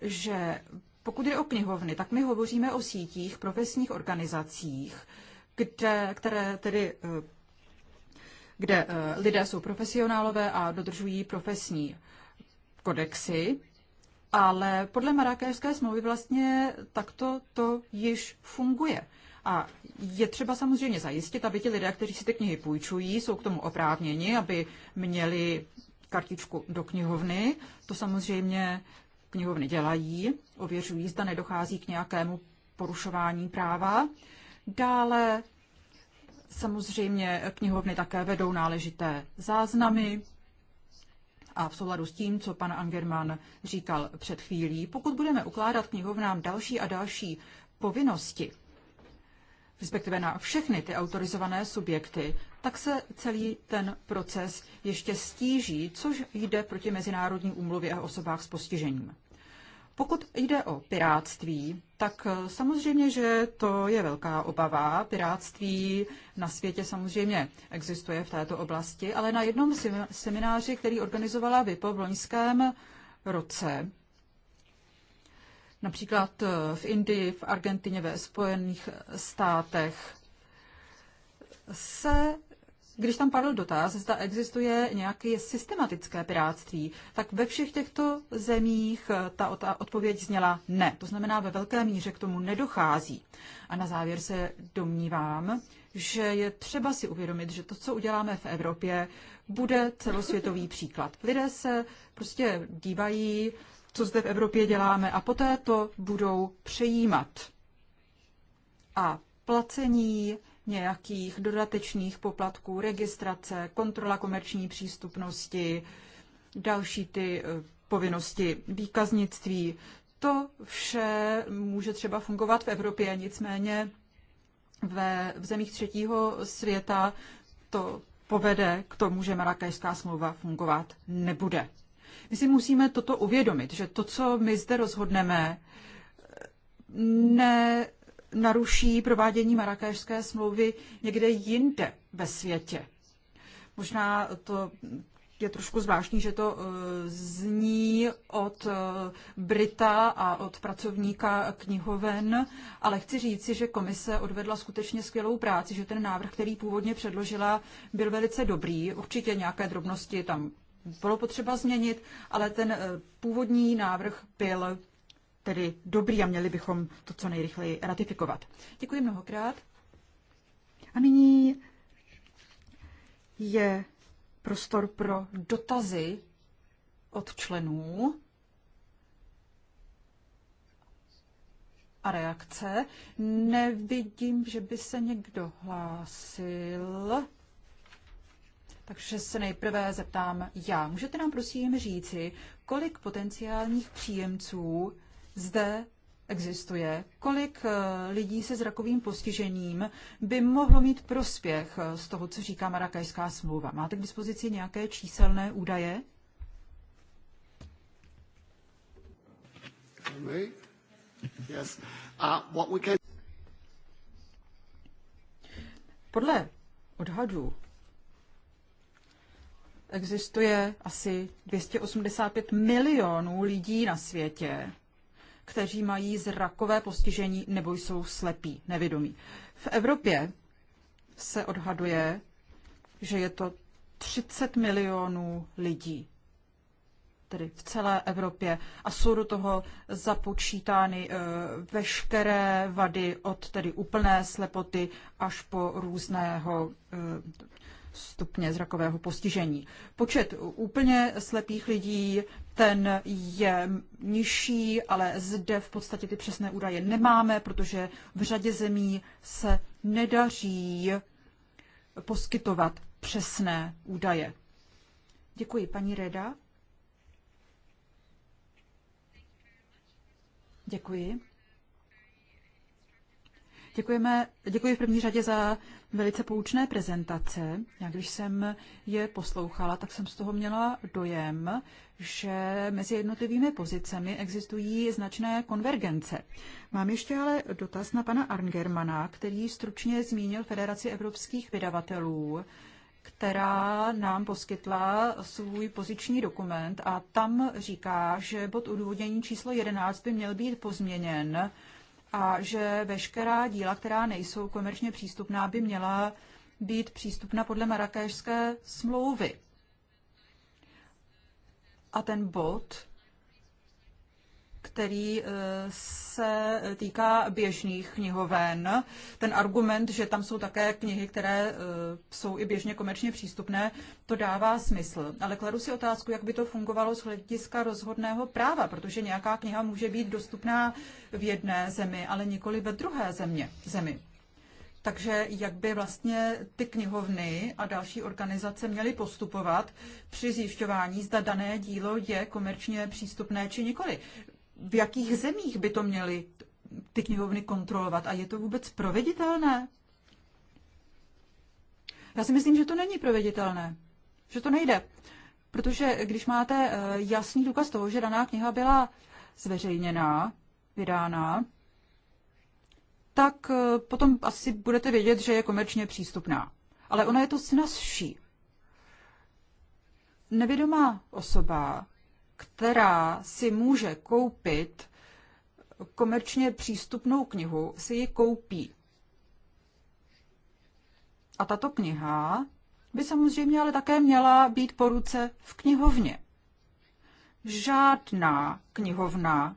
že pokud jde o knihovny, tak my hovoříme o sítích profesních organizacích, kde, které tedy eh, kde eh, lidé jsou profesionálové a dodržují profesní kodexy, ale podle marakéřské smlouvy vlastně takto to již funguje. A je třeba samozřejmě zajistit, aby ti lidé, kteří si ty knihy půjčují, jsou k tomu oprávněni, aby měli kartičku do knihovny. To samozřejmě knihovny dělají, ověřují, zda nedochází k nějakému porušování práva. Dále samozřejmě knihovny také vedou náležité záznamy a v souladu s tím, co pan Angerman říkal před chvílí, pokud budeme ukládat knihovnám další a další povinnosti, respektive na všechny ty autorizované subjekty, tak se celý ten proces ještě stíží, což jde proti Mezinárodní úmluvě o osobách s postižením. Pokud jde o piráctví, tak samozřejmě, že to je velká obava. Piráctví na světě samozřejmě existuje v této oblasti, ale na jednom semináři, který organizovala VIPO v loňském roce, například eh, v Indii, v Argentině, ve Spojených státech, se, když tam padl dotaz, zda existuje nějaké systematické piráctví, tak ve všech těchto zemích eh, ta, ta odpověď zněla ne. To znamená, ve velké míře k tomu nedochází. A na závěr se domnívám, že je třeba si uvědomit, že to, co uděláme v Evropě, bude celosvětový příklad. Lidé se prostě dívají co zde v Evropě děláme a poté to budou přejímat. A placení nějakých dodatečných poplatků, registrace, kontrola komerční přístupnosti, další ty eh, povinnosti výkaznictví. To vše může třeba fungovat v Evropě, nicméně ve, v zemích třetího světa to povede k tomu, že Marakajská smlouva fungovat nebude. My si musíme toto uvědomit, že to, co my zde rozhodneme, ne naruší provádění Marrakešské smlouvy někde jinde ve světě. Možná to je trošku zvláštní, že to eh, zní od eh, Brita a od pracovníka knihoven, ale chci říci, že komise odvedla skutečně skvělou práci, že ten návrh, který původně předložila, byl velice dobrý. Určitě nějaké drobnosti tam bylo potřeba změnit, ale ten eh, původní návrh byl tedy dobrý a měli bychom to co nejrychleji ratifikovat. Děkuji mnohokrát. A nyní je prostor pro dotazy od členů a reakce. Nevidím, že by se někdo hlásil. Takže se nejprve zeptám já. Můžete nám prosím říci, kolik potenciálních příjemců zde existuje, kolik eh, lidí se zrakovým postižením by mohlo mít prospěch eh, z toho, co říká Marakajská smlouva. Máte k dispozici nějaké číselné údaje? Yes. Uh, what we Podle odhadu existuje asi 285 milionů lidí na světě, kteří mají zrakové postižení nebo jsou slepí, nevědomí. V Evropě se odhaduje, že je to 30 milionů lidí, tedy v celé Evropě, a jsou do toho započítány eh, veškeré vady od tedy úplné slepoty až po různého eh, stupně zrakového postižení. Počet úplně slepých lidí, ten je nižší, ale zde v podstatě ty přesné údaje nemáme, protože v řadě zemí se nedaří poskytovat přesné údaje. Děkuji, paní Reda. Děkuji. Děkujeme, děkuji v první řadě za velice poučné prezentace. Já když jsem je poslouchala, tak jsem z toho měla dojem, že mezi jednotlivými pozicemi existují značné konvergence. Mám ještě ale dotaz na pana Arngermana, který stručně zmínil Federaci evropských vydavatelů která nám poskytla svůj poziční dokument a tam říká, že bod odůvodnění číslo 11 by měl být pozměněn a že veškerá díla, která nejsou komerčně přístupná, by měla být přístupná podle marakéšské smlouvy. A ten bod který eh, se týká běžných knihoven. Ten argument, že tam jsou také knihy, které eh, jsou i běžně komerčně přístupné, to dává smysl. Ale kladu si otázku, jak by to fungovalo z hlediska rozhodného práva, protože nějaká kniha může být dostupná v jedné zemi, ale nikoli ve druhé země, zemi. Takže jak by vlastně ty knihovny a další organizace měly postupovat při zjišťování, zda dané dílo je komerčně přístupné či nikoli v jakých zemích by to měly ty knihovny kontrolovat a je to vůbec proveditelné? Já si myslím, že to není proveditelné, že to nejde. Protože když máte eh, jasný důkaz toho, že daná kniha byla zveřejněná, vydána, tak eh, potom asi budete vědět, že je komerčně přístupná. Ale ona je to snazší. Nevědomá osoba která si může koupit komerčně přístupnou knihu, si ji koupí. A tato kniha by samozřejmě ale také měla být po ruce v knihovně. Žádná knihovna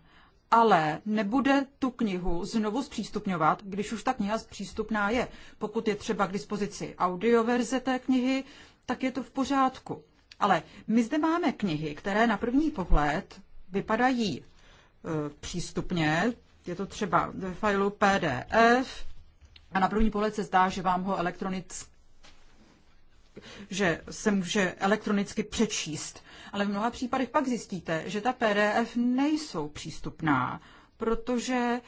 ale nebude tu knihu znovu zpřístupňovat, když už ta kniha zpřístupná je. Pokud je třeba k dispozici audioverze té knihy, tak je to v pořádku. Ale my zde máme knihy, které na první pohled vypadají e, přístupně. Je to třeba ve failu PDF a na první pohled se zdá, že vám ho elektronicky že se může elektronicky přečíst. Ale v mnoha případech pak zjistíte, že ta PDF nejsou přístupná, protože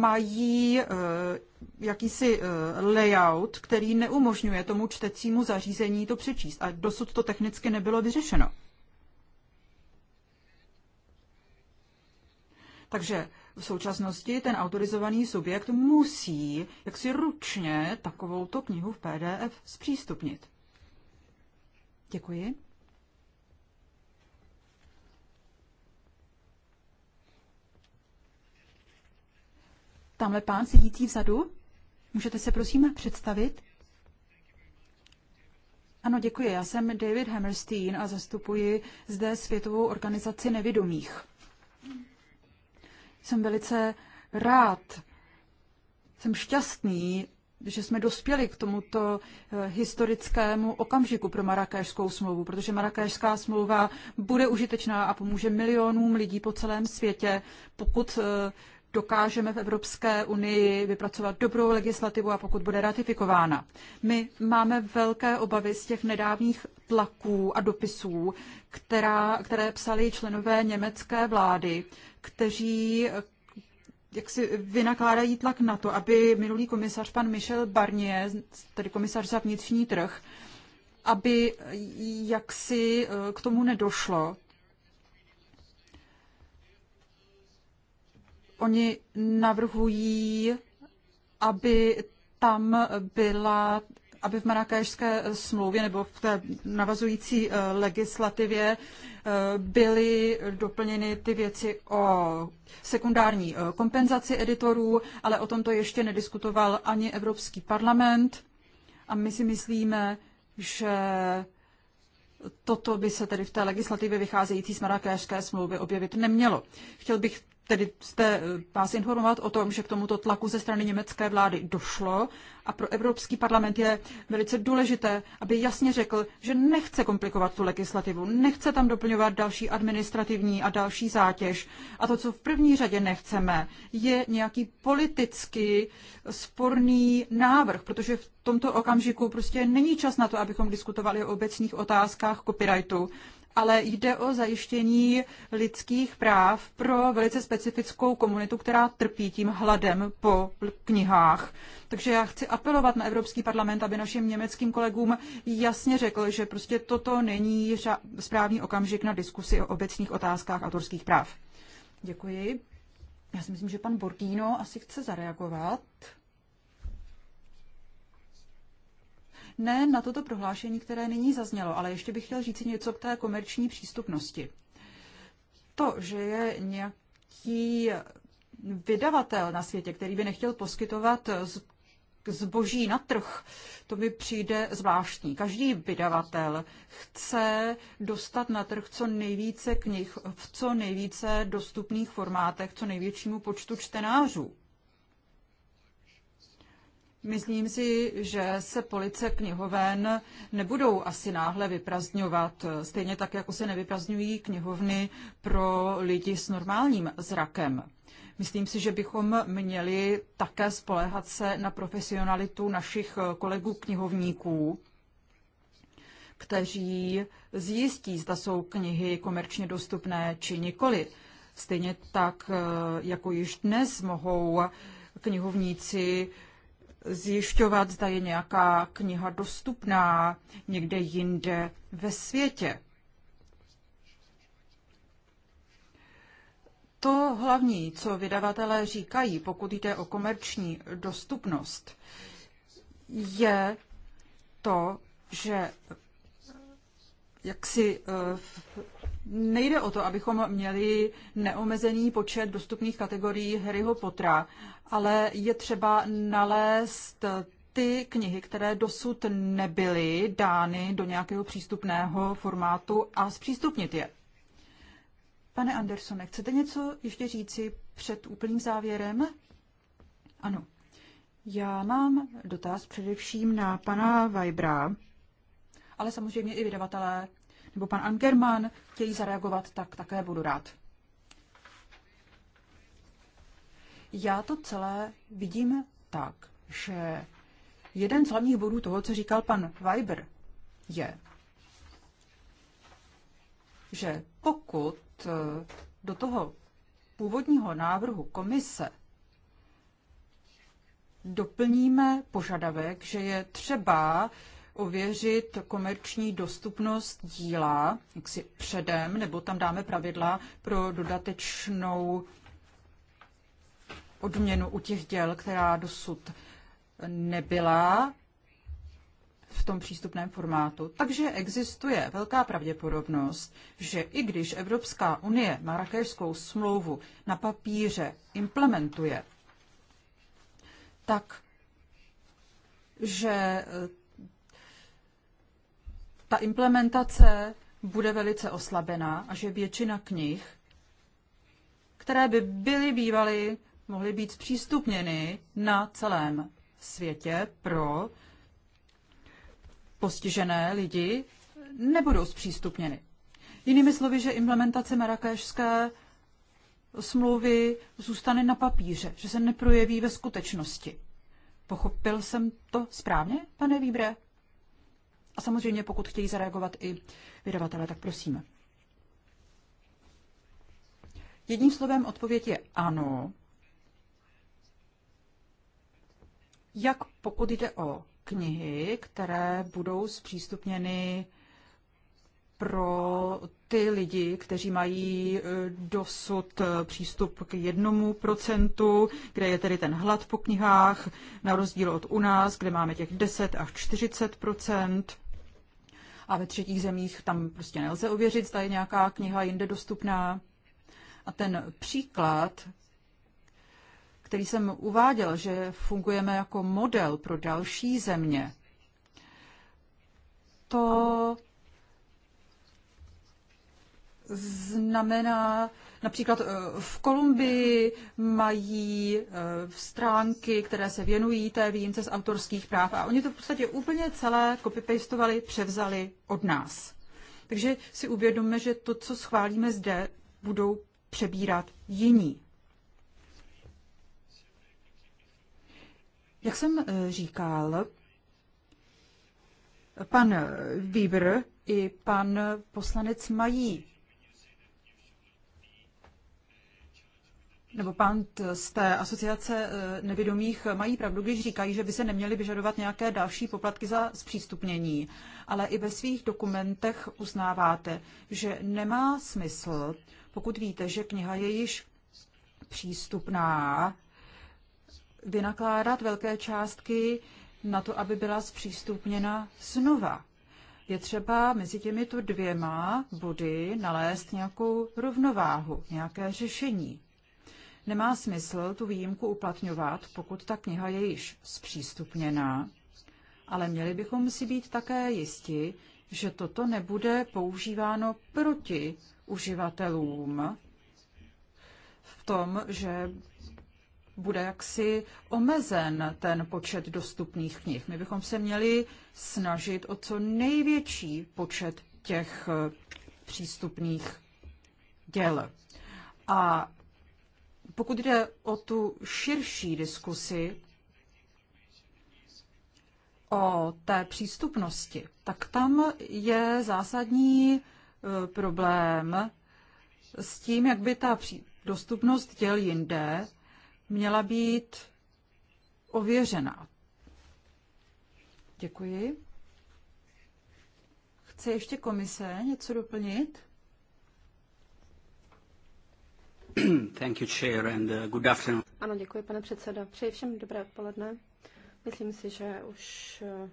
mají eh, jakýsi eh, layout, který neumožňuje tomu čtecímu zařízení to přečíst. A dosud to technicky nebylo vyřešeno. Takže v současnosti ten autorizovaný subjekt musí jaksi ručně takovouto knihu v PDF zpřístupnit. Děkuji. Tamhle pán sedící vzadu, můžete se prosím představit? Ano, děkuji. Já jsem David Hammerstein a zastupuji zde Světovou organizaci nevidomých. Jsem velice rád, jsem šťastný, že jsme dospěli k tomuto eh, historickému okamžiku pro Marrakešskou smlouvu, protože Marrakešská smlouva bude užitečná a pomůže milionům lidí po celém světě, pokud eh, dokážeme v Evropské unii vypracovat dobrou legislativu a pokud bude ratifikována. My máme velké obavy z těch nedávných tlaků a dopisů, která, které psali členové německé vlády, kteří jak si vynakládají tlak na to, aby minulý komisař pan Michel Barnier, tedy komisař za vnitřní trh, aby jaksi eh, k tomu nedošlo, Oni navrhují, aby tam byla, aby v marakéšské smlouvě nebo v té navazující eh, legislativě eh, byly doplněny ty věci o sekundární eh, kompenzaci editorů, ale o tom to ještě nediskutoval ani Evropský parlament. A my si myslíme, že toto by se tedy v té legislativě vycházející z marakéšské smlouvy objevit nemělo. Chtěl bych tedy jste eh, vás informovat o tom, že k tomuto tlaku ze strany německé vlády došlo a pro Evropský parlament je velice důležité, aby jasně řekl, že nechce komplikovat tu legislativu, nechce tam doplňovat další administrativní a další zátěž. A to, co v první řadě nechceme, je nějaký politicky sporný návrh, protože v tomto okamžiku prostě není čas na to, abychom diskutovali o obecných otázkách copyrightu ale jde o zajištění lidských práv pro velice specifickou komunitu, která trpí tím hladem po knihách. Takže já chci apelovat na Evropský parlament, aby našim německým kolegům jasně řekl, že prostě toto není správný okamžik na diskusi o obecných otázkách autorských práv. Děkuji. Já si myslím, že pan Bordino asi chce zareagovat. ne na toto prohlášení, které nyní zaznělo, ale ještě bych chtěl říct něco k té komerční přístupnosti. To, že je nějaký vydavatel na světě, který by nechtěl poskytovat zboží na trh, to mi přijde zvláštní. Každý vydavatel chce dostat na trh co nejvíce knih v co nejvíce dostupných formátech, co největšímu počtu čtenářů. Myslím si, že se police knihoven nebudou asi náhle vyprazňovat, stejně tak, jako se nevyprazňují knihovny pro lidi s normálním zrakem. Myslím si, že bychom měli také spolehat se na profesionalitu našich kolegů knihovníků, kteří zjistí, zda jsou knihy komerčně dostupné či nikoli. Stejně tak, jako již dnes mohou knihovníci zjišťovat, zda je nějaká kniha dostupná někde jinde ve světě. To hlavní, co vydavatelé říkají, pokud jde o komerční dostupnost, je to, že jaksi eh, Nejde o to, abychom měli neomezený počet dostupných kategorií Harryho Pottera, ale je třeba nalézt ty knihy, které dosud nebyly dány do nějakého přístupného formátu a zpřístupnit je. Pane Andersone, chcete něco ještě říci před úplným závěrem? Ano. Já mám dotaz především na pana Vajbra, ale samozřejmě i vydavatelé nebo pan Angerman chtějí zareagovat, tak také budu rád. Já to celé vidím tak, že jeden z hlavních bodů toho, co říkal pan Weiber, je, že pokud eh, do toho původního návrhu komise doplníme požadavek, že je třeba ověřit komerční dostupnost díla jaksi předem, nebo tam dáme pravidla pro dodatečnou odměnu u těch děl, která dosud nebyla v tom přístupném formátu. Takže existuje velká pravděpodobnost, že i když Evropská unie marakéřskou smlouvu na papíře implementuje, tak že ta implementace bude velice oslabená a že většina knih, které by byly bývaly, mohly být zpřístupněny na celém světě pro postižené lidi, nebudou zpřístupněny. Jinými slovy, že implementace marakéšské smlouvy zůstane na papíře, že se neprojeví ve skutečnosti. Pochopil jsem to správně, pane Výbre? A samozřejmě, pokud chtějí zareagovat i vydavatele, tak prosím. Jedním slovem odpověď je ano. Jak pokud jde o knihy, které budou zpřístupněny pro ty lidi, kteří mají eh, dosud eh, přístup k jednomu procentu, kde je tedy ten hlad po knihách, na rozdíl od u nás, kde máme těch 10 až 40 procent a ve třetích zemích tam prostě nelze ověřit, zda je nějaká kniha jinde dostupná. A ten příklad, který jsem uváděl, že fungujeme jako model pro další země, to znamená, Například eh, v Kolumbii mají eh, stránky, které se věnují té výjimce z autorských práv a oni to v podstatě úplně celé copypastovali, převzali od nás. Takže si uvědomme, že to, co schválíme zde, budou přebírat jiní. Jak jsem eh, říkal, pan Weber i pan poslanec mají nebo pan z té asociace e, nevědomých e, mají pravdu, když říkají, že by se neměly vyžadovat nějaké další poplatky za zpřístupnění. Ale i ve svých dokumentech uznáváte, že nemá smysl, pokud víte, že kniha je již přístupná, vynakládat velké částky na to, aby byla zpřístupněna znova. Je třeba mezi těmito dvěma body nalézt nějakou rovnováhu, nějaké řešení. Nemá smysl tu výjimku uplatňovat, pokud ta kniha je již zpřístupněná, ale měli bychom si být také jisti, že toto nebude používáno proti uživatelům v tom, že bude jaksi omezen ten počet dostupných knih. My bychom se měli snažit o co největší počet těch přístupných děl. A pokud jde o tu širší diskusi o té přístupnosti, tak tam je zásadní e, problém s tím, jak by ta dostupnost děl jinde měla být ověřena. Děkuji. Chce ještě komise něco doplnit? Thank you, chair, and uh, good afternoon. Ano, děkuji, pane předsedo. Přeji všem dobré odpoledne. Myslím si, že už uh,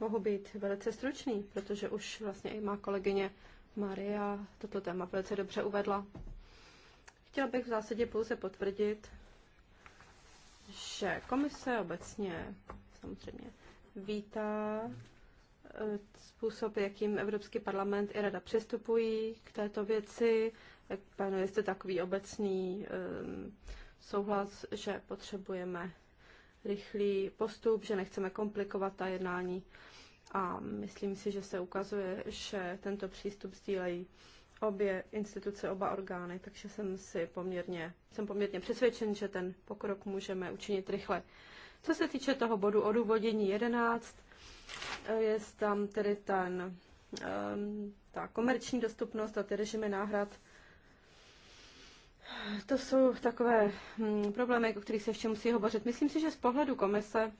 mohu být velice stručný, protože už vlastně i má kolegyně Maria toto téma velice dobře uvedla. Chtěla bych v zásadě pouze potvrdit, že komise obecně samozřejmě vítá uh, způsob, jakým Evropský parlament i Rada přistupují k této věci panuje zde takový obecný um, souhlas, že potřebujeme rychlý postup, že nechceme komplikovat ta jednání a myslím si, že se ukazuje, že tento přístup sdílejí obě instituce, oba orgány, takže jsem si poměrně, jsem poměrně přesvědčen, že ten pokrok můžeme učinit rychle. Co se týče toho bodu odůvodění 11, je tam tedy ten, ta komerční dostupnost a ty režimy náhrad to jsou takové hm, problémy, o kterých se ještě musí hovořit. Myslím si, že z pohledu komise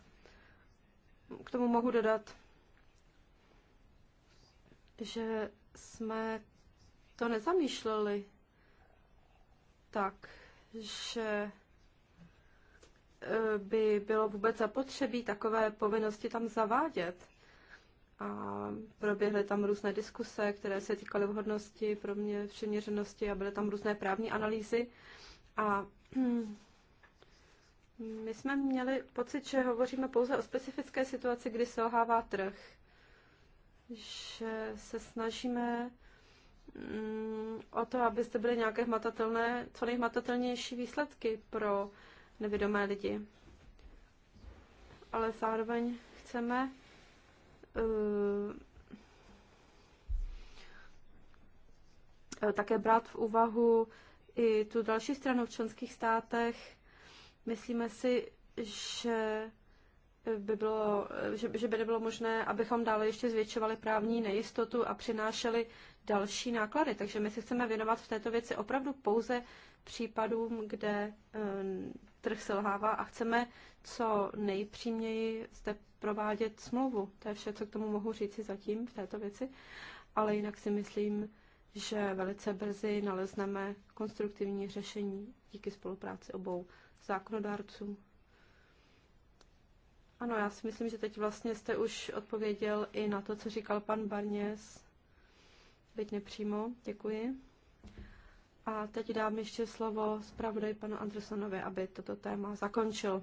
k tomu mohu dodat, že jsme to nezamýšleli tak, že eh, by bylo vůbec zapotřebí takové povinnosti tam zavádět a proběhly tam různé diskuse, které se týkaly vhodnosti, pro mě všeměřenosti a byly tam různé právní analýzy. A my jsme měli pocit, že hovoříme pouze o specifické situaci, kdy selhává trh. Že se snažíme mm, o to, abyste byly nějaké hmatatelné, co nejhmatatelnější výsledky pro nevědomé lidi. Ale zároveň chceme Eh, eh, také brát v úvahu i tu další stranu v členských státech. Myslíme si, že by bylo, eh, že, že by nebylo možné, abychom dále ještě zvětšovali právní nejistotu a přinášeli další náklady. Takže my se chceme věnovat v této věci opravdu pouze případům, kde trh selhává a chceme co nejpřímněji zde provádět smlouvu. To je vše, co k tomu mohu říci zatím v této věci, ale jinak si myslím, že velice brzy nalezneme konstruktivní řešení díky spolupráci obou zákonodárců. Ano, já si myslím, že teď vlastně jste už odpověděl i na to, co říkal pan Barněs, byť nepřímo. Děkuji. A teď dám ještě slovo zpravodaj panu Andersonovi, aby toto téma zakončil.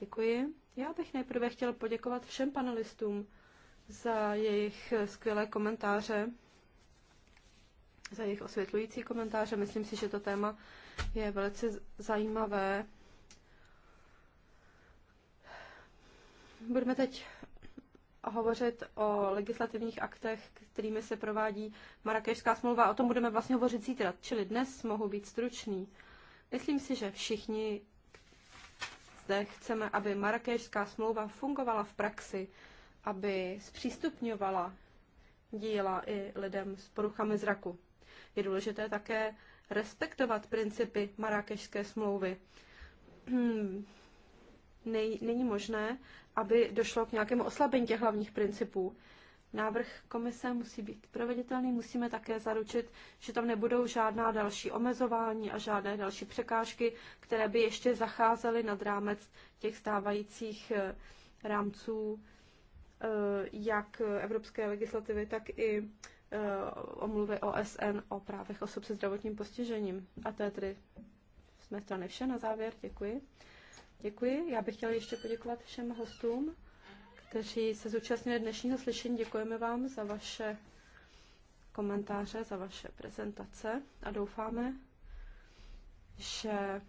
Děkuji. Já bych nejprve chtěl poděkovat všem panelistům za jejich skvělé komentáře, za jejich osvětlující komentáře. Myslím si, že to téma je velice zajímavé. Budeme teď hovořit o legislativních aktech, kterými se provádí Marrakešská smlouva. O tom budeme vlastně hovořit zítra, čili dnes mohu být stručný. Myslím si, že všichni zde chceme, aby Marrakešská smlouva fungovala v praxi, aby zpřístupňovala díla i lidem s poruchami zraku. Je důležité také respektovat principy Marrakešské smlouvy. Hmm. Nej, není možné, aby došlo k nějakému oslabení těch hlavních principů. Návrh komise musí být proveditelný, musíme také zaručit, že tam nebudou žádná další omezování a žádné další překážky, které by ještě zacházely nad rámec těch stávajících eh, rámců eh, jak evropské legislativy, tak i eh, omluvy OSN o právech osob se zdravotním postižením. A to je tedy z mé strany vše na závěr. Děkuji. Děkuji. Já bych chtěla ještě poděkovat všem hostům, kteří se zúčastnili dnešního slyšení. Děkujeme vám za vaše komentáře, za vaše prezentace a doufáme, že eh,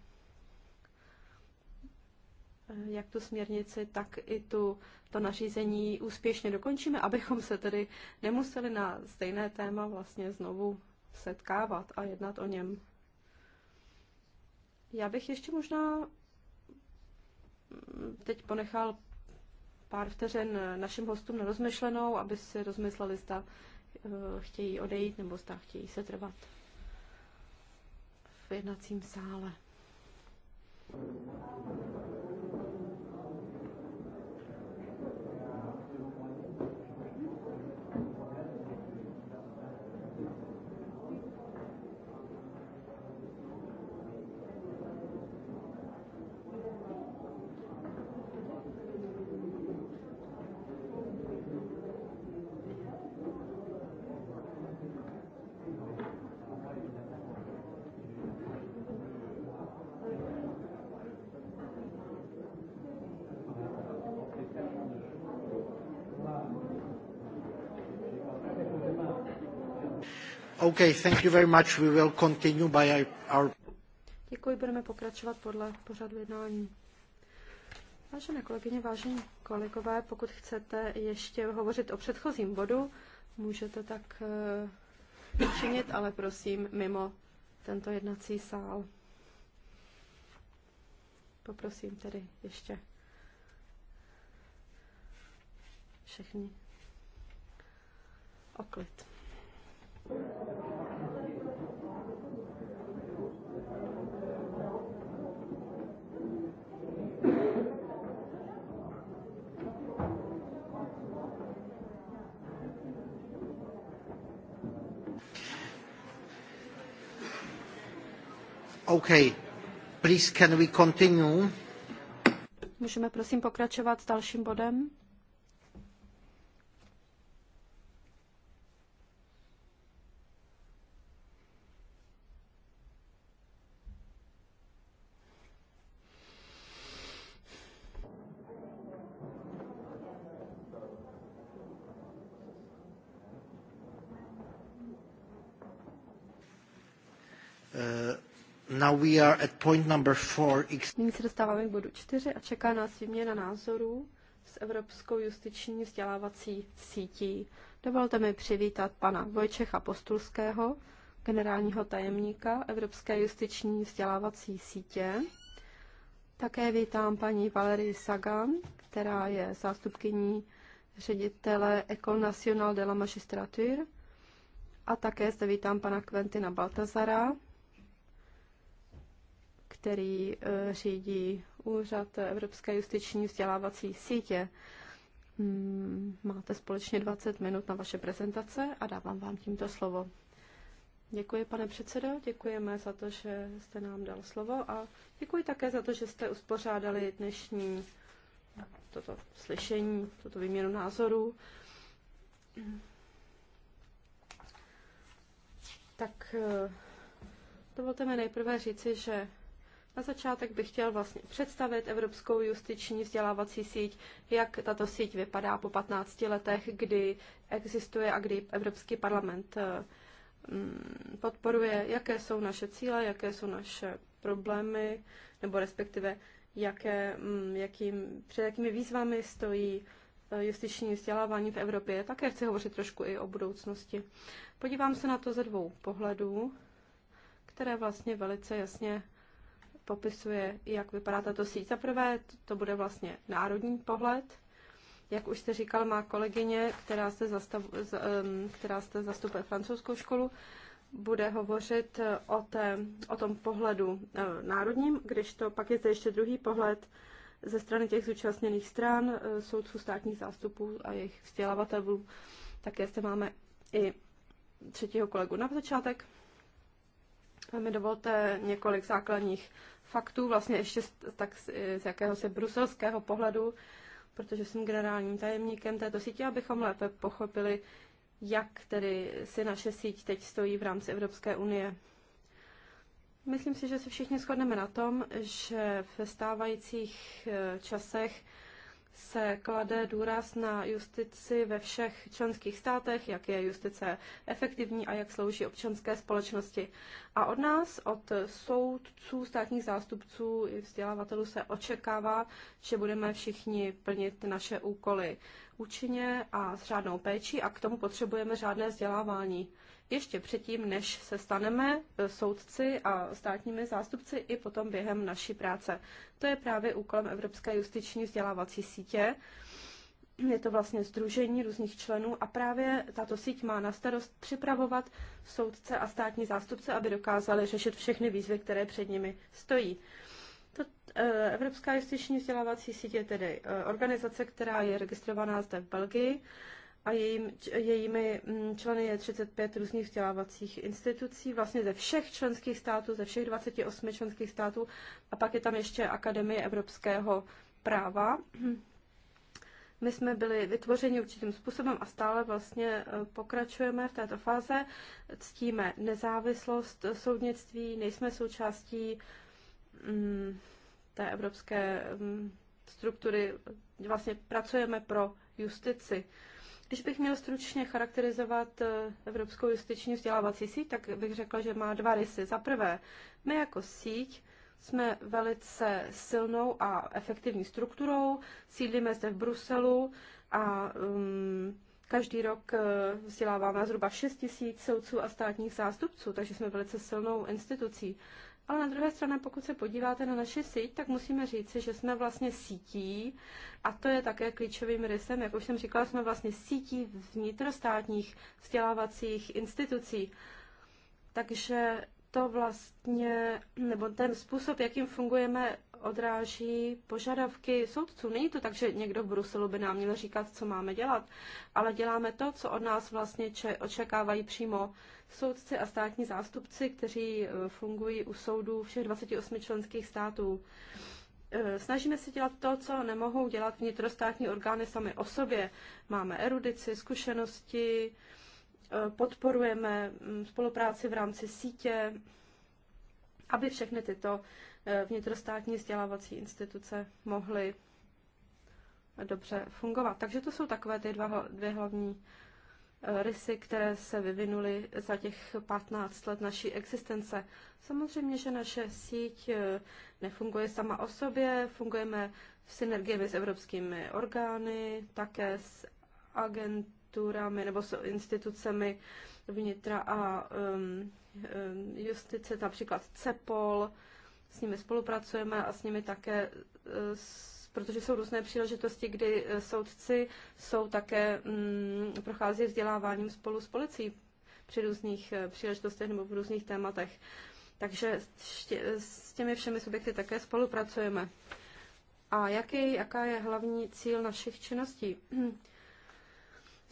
jak tu směrnici, tak i tu, to nařízení úspěšně dokončíme, abychom se tedy nemuseli na stejné téma vlastně znovu setkávat a jednat o něm. Já bych ještě možná teď ponechal pár vteřin našim hostům na rozmyšlenou, aby si rozmysleli, zda eh, chtějí odejít nebo zda chtějí se trvat v jednacím sále. Okay, thank you very much. We will continue by our... Děkuji, budeme pokračovat podle pořadu jednání. Vážené kolegyně, vážení kolegové, pokud chcete ještě hovořit o předchozím bodu, můžete tak eh, učinit, ale prosím mimo tento jednací sál. Poprosím tedy ještě všechny o klid. Okay. Please, can we continue? Můžeme prosím pokračovat s dalším bodem? Now we are at point number four. Nyní se dostáváme k bodu čtyři a čeká nás výměna názorů s Evropskou justiční vzdělávací sítí. Dovolte mi přivítat pana Vojčecha Postulského, generálního tajemníka Evropské justiční vzdělávací sítě. Také vítám paní Valerii Sagan, která je zástupkyní ředitele École Nationale de la Magistrature. A také zde vítám pana Quentina Baltazara, který eh, řídí úřad Evropské justiční vzdělávací sítě. Hmm, máte společně 20 minut na vaše prezentace a dávám vám tímto slovo. Děkuji, pane předsedo, děkujeme za to, že jste nám dal slovo a děkuji také za to, že jste uspořádali dnešní toto slyšení, toto výměnu názorů. Tak eh, dovolte mi nejprve říci, že na začátek bych chtěl vlastně představit Evropskou justiční vzdělávací síť, jak tato síť vypadá po 15 letech, kdy existuje a kdy Evropský parlament eh, mm, podporuje, jaké jsou naše cíle, jaké jsou naše problémy, nebo respektive jaké, mm, jakým, před jakými výzvami stojí eh, justiční vzdělávání v Evropě. Také chci hovořit trošku i o budoucnosti. Podívám se na to ze dvou pohledů, které vlastně velice jasně popisuje, jak vypadá tato síť. Za prvé, to bude vlastně národní pohled, jak už jste říkal, má kolegyně, která se, zastav, která se zastupuje francouzskou školu, bude hovořit o, té, o tom pohledu e, národním, když to pak je zde ještě druhý pohled ze strany těch zúčastněných stran, e, soudců státních zástupů a jejich vzdělavatelů. Také zde máme i třetího kolegu na začátek. A mi dovolte několik základních faktů, vlastně ještě z, tak z, z jakéhosi bruselského pohledu, protože jsem generálním tajemníkem této sítě, abychom lépe pochopili, jak tedy si naše síť teď stojí v rámci Evropské unie. Myslím si, že se všichni shodneme na tom, že ve stávajících eh, časech se klade důraz na justici ve všech členských státech, jak je justice efektivní a jak slouží občanské společnosti. A od nás, od soudců, státních zástupců i vzdělavatelů se očekává, že budeme všichni plnit naše úkoly účinně a s řádnou péčí a k tomu potřebujeme řádné vzdělávání ještě předtím, než se staneme eh, soudci a státními zástupci i potom během naší práce. To je právě úkolem Evropské justiční vzdělávací sítě. Je to vlastně združení různých členů a právě tato síť má na starost připravovat soudce a státní zástupce, aby dokázali řešit všechny výzvy, které před nimi stojí. To, eh, Evropská justiční vzdělávací sítě je tedy eh, organizace, která je registrovaná zde v Belgii a jejím, jejími mm, členy je 35 různých vzdělávacích institucí, vlastně ze všech členských států, ze všech 28 členských států a pak je tam ještě Akademie evropského práva. My jsme byli vytvořeni určitým způsobem a stále vlastně e, pokračujeme v této fáze. Ctíme nezávislost soudnictví, nejsme součástí mm, té evropské mm, struktury, vlastně pracujeme pro justici. Když bych měl stručně charakterizovat eh, Evropskou justiční vzdělávací síť, tak bych řekla, že má dva rysy. Za prvé, my jako síť jsme velice silnou a efektivní strukturou, sídlíme zde v Bruselu a um, každý rok eh, vzděláváme zhruba 6 tisíc soudců a státních zástupců, takže jsme velice silnou institucí. Ale na druhé straně, pokud se podíváte na naši síť, tak musíme říci, že jsme vlastně sítí a to je také klíčovým rysem. Jak už jsem říkala, jsme vlastně sítí vnitrostátních vzdělávacích institucí. Takže to vlastně, nebo ten způsob, jakým fungujeme, odráží požadavky soudců. Není to tak, že někdo v Bruselu by nám měl říkat, co máme dělat, ale děláme to, co od nás vlastně očekávají přímo soudci a státní zástupci, kteří eh, fungují u soudů všech 28 členských států. Eh, snažíme se dělat to, co nemohou dělat vnitrostátní orgány sami o sobě. Máme erudici, zkušenosti, eh, podporujeme mm, spolupráci v rámci sítě, aby všechny tyto Eh, vnitrostátní vzdělávací instituce mohly dobře fungovat. Takže to jsou takové ty dva, dvě hlavní eh, rysy, které se vyvinuly za těch 15 let naší existence. Samozřejmě, že naše síť eh, nefunguje sama o sobě, fungujeme v synergii s evropskými orgány, také s agenturami nebo s institucemi vnitra a um, justice, například CEPOL, s nimi spolupracujeme a s nimi také, e, protože jsou různé příležitosti, kdy e, soudci jsou také, mm, prochází vzděláváním spolu s policií při různých e, příležitostech nebo v různých tématech. Takže s těmi všemi subjekty také spolupracujeme. A jaký, jaká je hlavní cíl našich činností?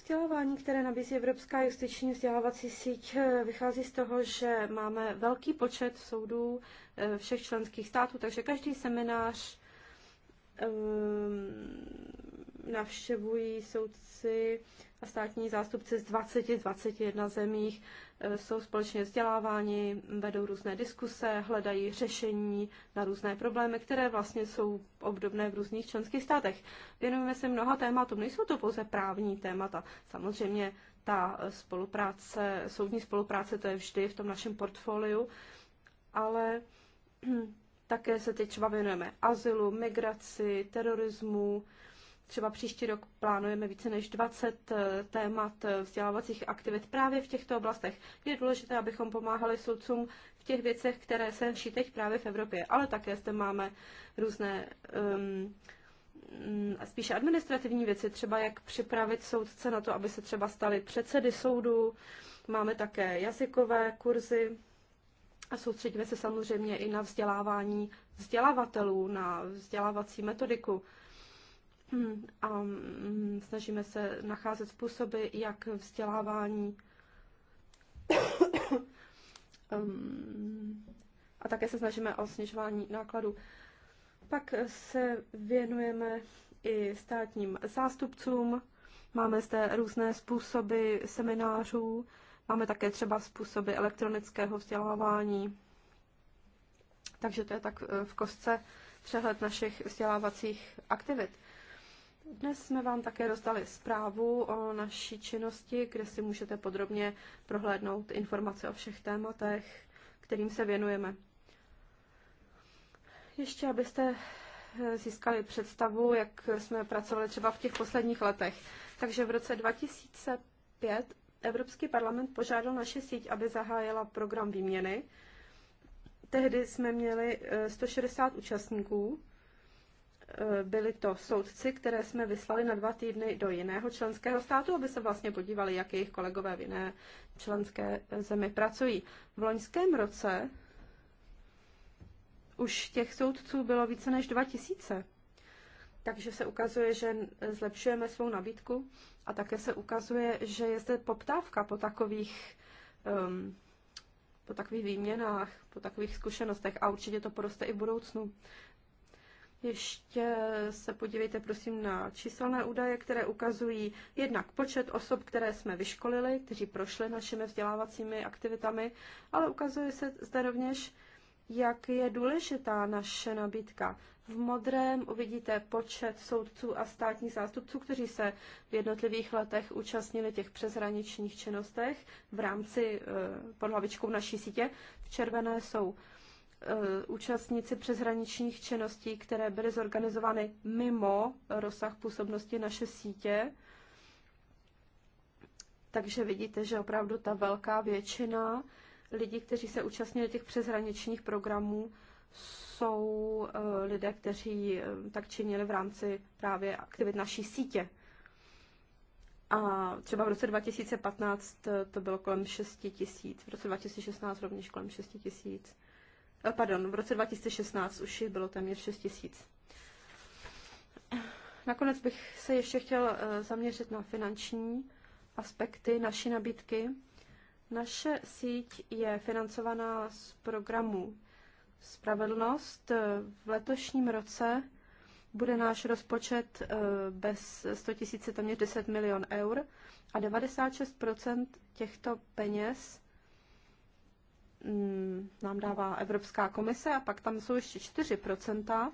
Vzdělávání, které nabízí Evropská justiční vzdělávací síť, eh, vychází z toho, že máme velký počet soudů eh, všech členských států, takže každý seminář ehm, navštěvují soudci a státní zástupci z 20-21 zemích. Eh, jsou společně vzděláváni, vedou různé diskuse, hledají řešení na různé problémy, které vlastně jsou obdobné v různých členských státech. Věnujeme se mnoha tématům, nejsou to pouze právní témata. Samozřejmě ta eh, spolupráce, soudní spolupráce, to je vždy v tom našem portfoliu, ale také se teď třeba věnujeme azylu, migraci, terorismu, Třeba příští rok plánujeme více než 20 eh, témat eh, vzdělávacích aktivit právě v těchto oblastech, je důležité, abychom pomáhali soudcům v těch věcech, které se ší teď právě v Evropě. Ale také zde máme různé um, spíše administrativní věci, třeba jak připravit soudce na to, aby se třeba stali předsedy soudu. Máme také jazykové kurzy a soustředíme se samozřejmě i na vzdělávání vzdělavatelů, na vzdělávací metodiku. Hmm, a mm, snažíme se nacházet způsoby, jak vzdělávání um, a také se snažíme o snižování nákladů. Pak se věnujeme i státním zástupcům. Máme zde různé způsoby seminářů, máme také třeba způsoby elektronického vzdělávání. Takže to je tak eh, v kostce přehled našich vzdělávacích aktivit. Dnes jsme vám také rozdali zprávu o naší činnosti, kde si můžete podrobně prohlédnout informace o všech tématech, kterým se věnujeme. Ještě abyste získali představu, jak jsme pracovali třeba v těch posledních letech. Takže v roce 2005 Evropský parlament požádal naše síť, aby zahájila program výměny. Tehdy jsme měli 160 eh, účastníků E, byli to soudci, které jsme vyslali na dva týdny do jiného členského státu, aby se vlastně podívali, jak jejich kolegové v jiné členské zemi pracují. V loňském roce už těch soudců bylo více než 2000. Takže se ukazuje, že zlepšujeme svou nabídku a také se ukazuje, že je zde poptávka po takových, um, po takových výměnách, po takových zkušenostech a určitě to poroste i v budoucnu. Ještě se podívejte prosím na číselné údaje, které ukazují jednak počet osob, které jsme vyškolili, kteří prošli našimi vzdělávacími aktivitami, ale ukazuje se zde rovněž, jak je důležitá naše nabídka. V modrém uvidíte počet soudců a státních zástupců, kteří se v jednotlivých letech účastnili těch přeshraničních činnostech v rámci eh, pod hlavičkou naší sítě. V červené jsou Eh, účastníci přeshraničních činností, které byly zorganizovány mimo rozsah působnosti naše sítě. Takže vidíte, že opravdu ta velká většina lidí, kteří se účastnili těch přeshraničních programů, jsou eh, lidé, kteří eh, tak činili v rámci právě aktivit naší sítě. A třeba v roce 2015 to bylo kolem 6 tisíc, v roce 2016 rovněž kolem 6 tisíc. Eh, pardon, v roce 2016 už jich bylo téměř 6 tisíc. Nakonec bych se ještě chtěl eh, zaměřit na finanční aspekty naší nabídky. Naše síť je financovaná z programu Spravedlnost. Eh, v letošním roce bude náš rozpočet bez 100 000 téměř 10 milion eur a 96 těchto peněz Mm, nám dává Evropská komise a pak tam jsou ještě 4%,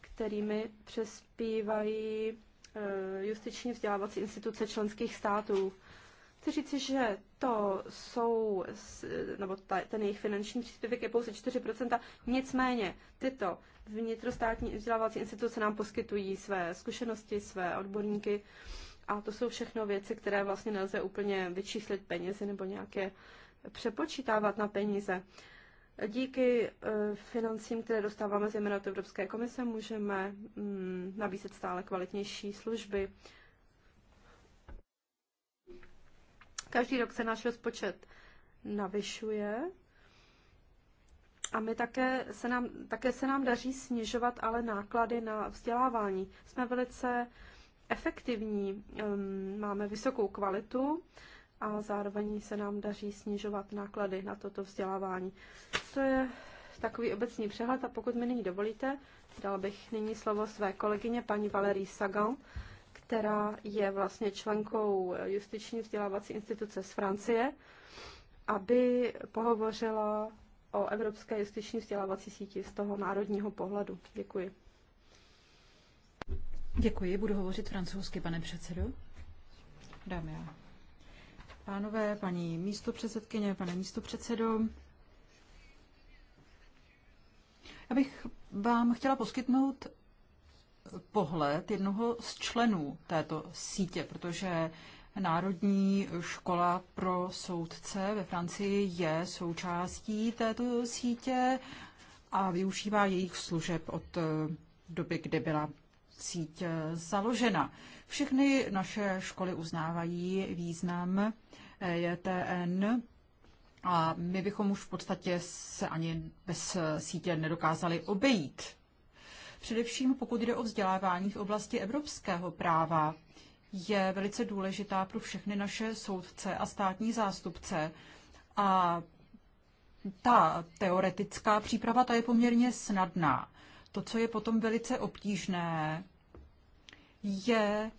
kterými přespívají eh, justiční vzdělávací instituce členských států. Chci říci, že to jsou, nebo ta, ten jejich finanční příspěvek je pouze 4%, nicméně tyto vnitrostátní vzdělávací instituce nám poskytují své zkušenosti, své odborníky a to jsou všechno věci, které vlastně nelze úplně vyčíslit penězi nebo nějaké uh, přepočítávat na peníze. Díky eh, financím, které dostáváme zejména od Evropské komise, můžeme mm, nabízet stále kvalitnější služby. Každý rok se náš rozpočet navyšuje a my také se nám, také se nám daří snižovat ale náklady na vzdělávání. Jsme velice efektivní, ehm, máme vysokou kvalitu a zároveň se nám daří snižovat náklady na toto vzdělávání. To je takový obecný přehled a pokud mi nyní dovolíte, dal bych nyní slovo své kolegyně paní Valerie Sagan, která je vlastně členkou justiční vzdělávací instituce z Francie, aby pohovořila o Evropské justiční vzdělávací síti z toho národního pohledu. Děkuji. Děkuji, budu hovořit francouzsky, pane předsedo. Dámy a pánové, paní místopředsedkyně, pane místopředsedo. Já bych vám chtěla poskytnout pohled jednoho z členů této sítě, protože Národní škola pro soudce ve Francii je součástí této sítě a využívá jejich služeb od doby, kdy byla síť založena. Všechny naše školy uznávají význam JTN eh, e a my bychom už v podstatě se ani bez sítě nedokázali obejít. Především pokud jde o vzdělávání v oblasti evropského práva, je velice důležitá pro všechny naše soudce a státní zástupce. A ta teoretická příprava ta je poměrně snadná. To, co je potom velice obtížné, je,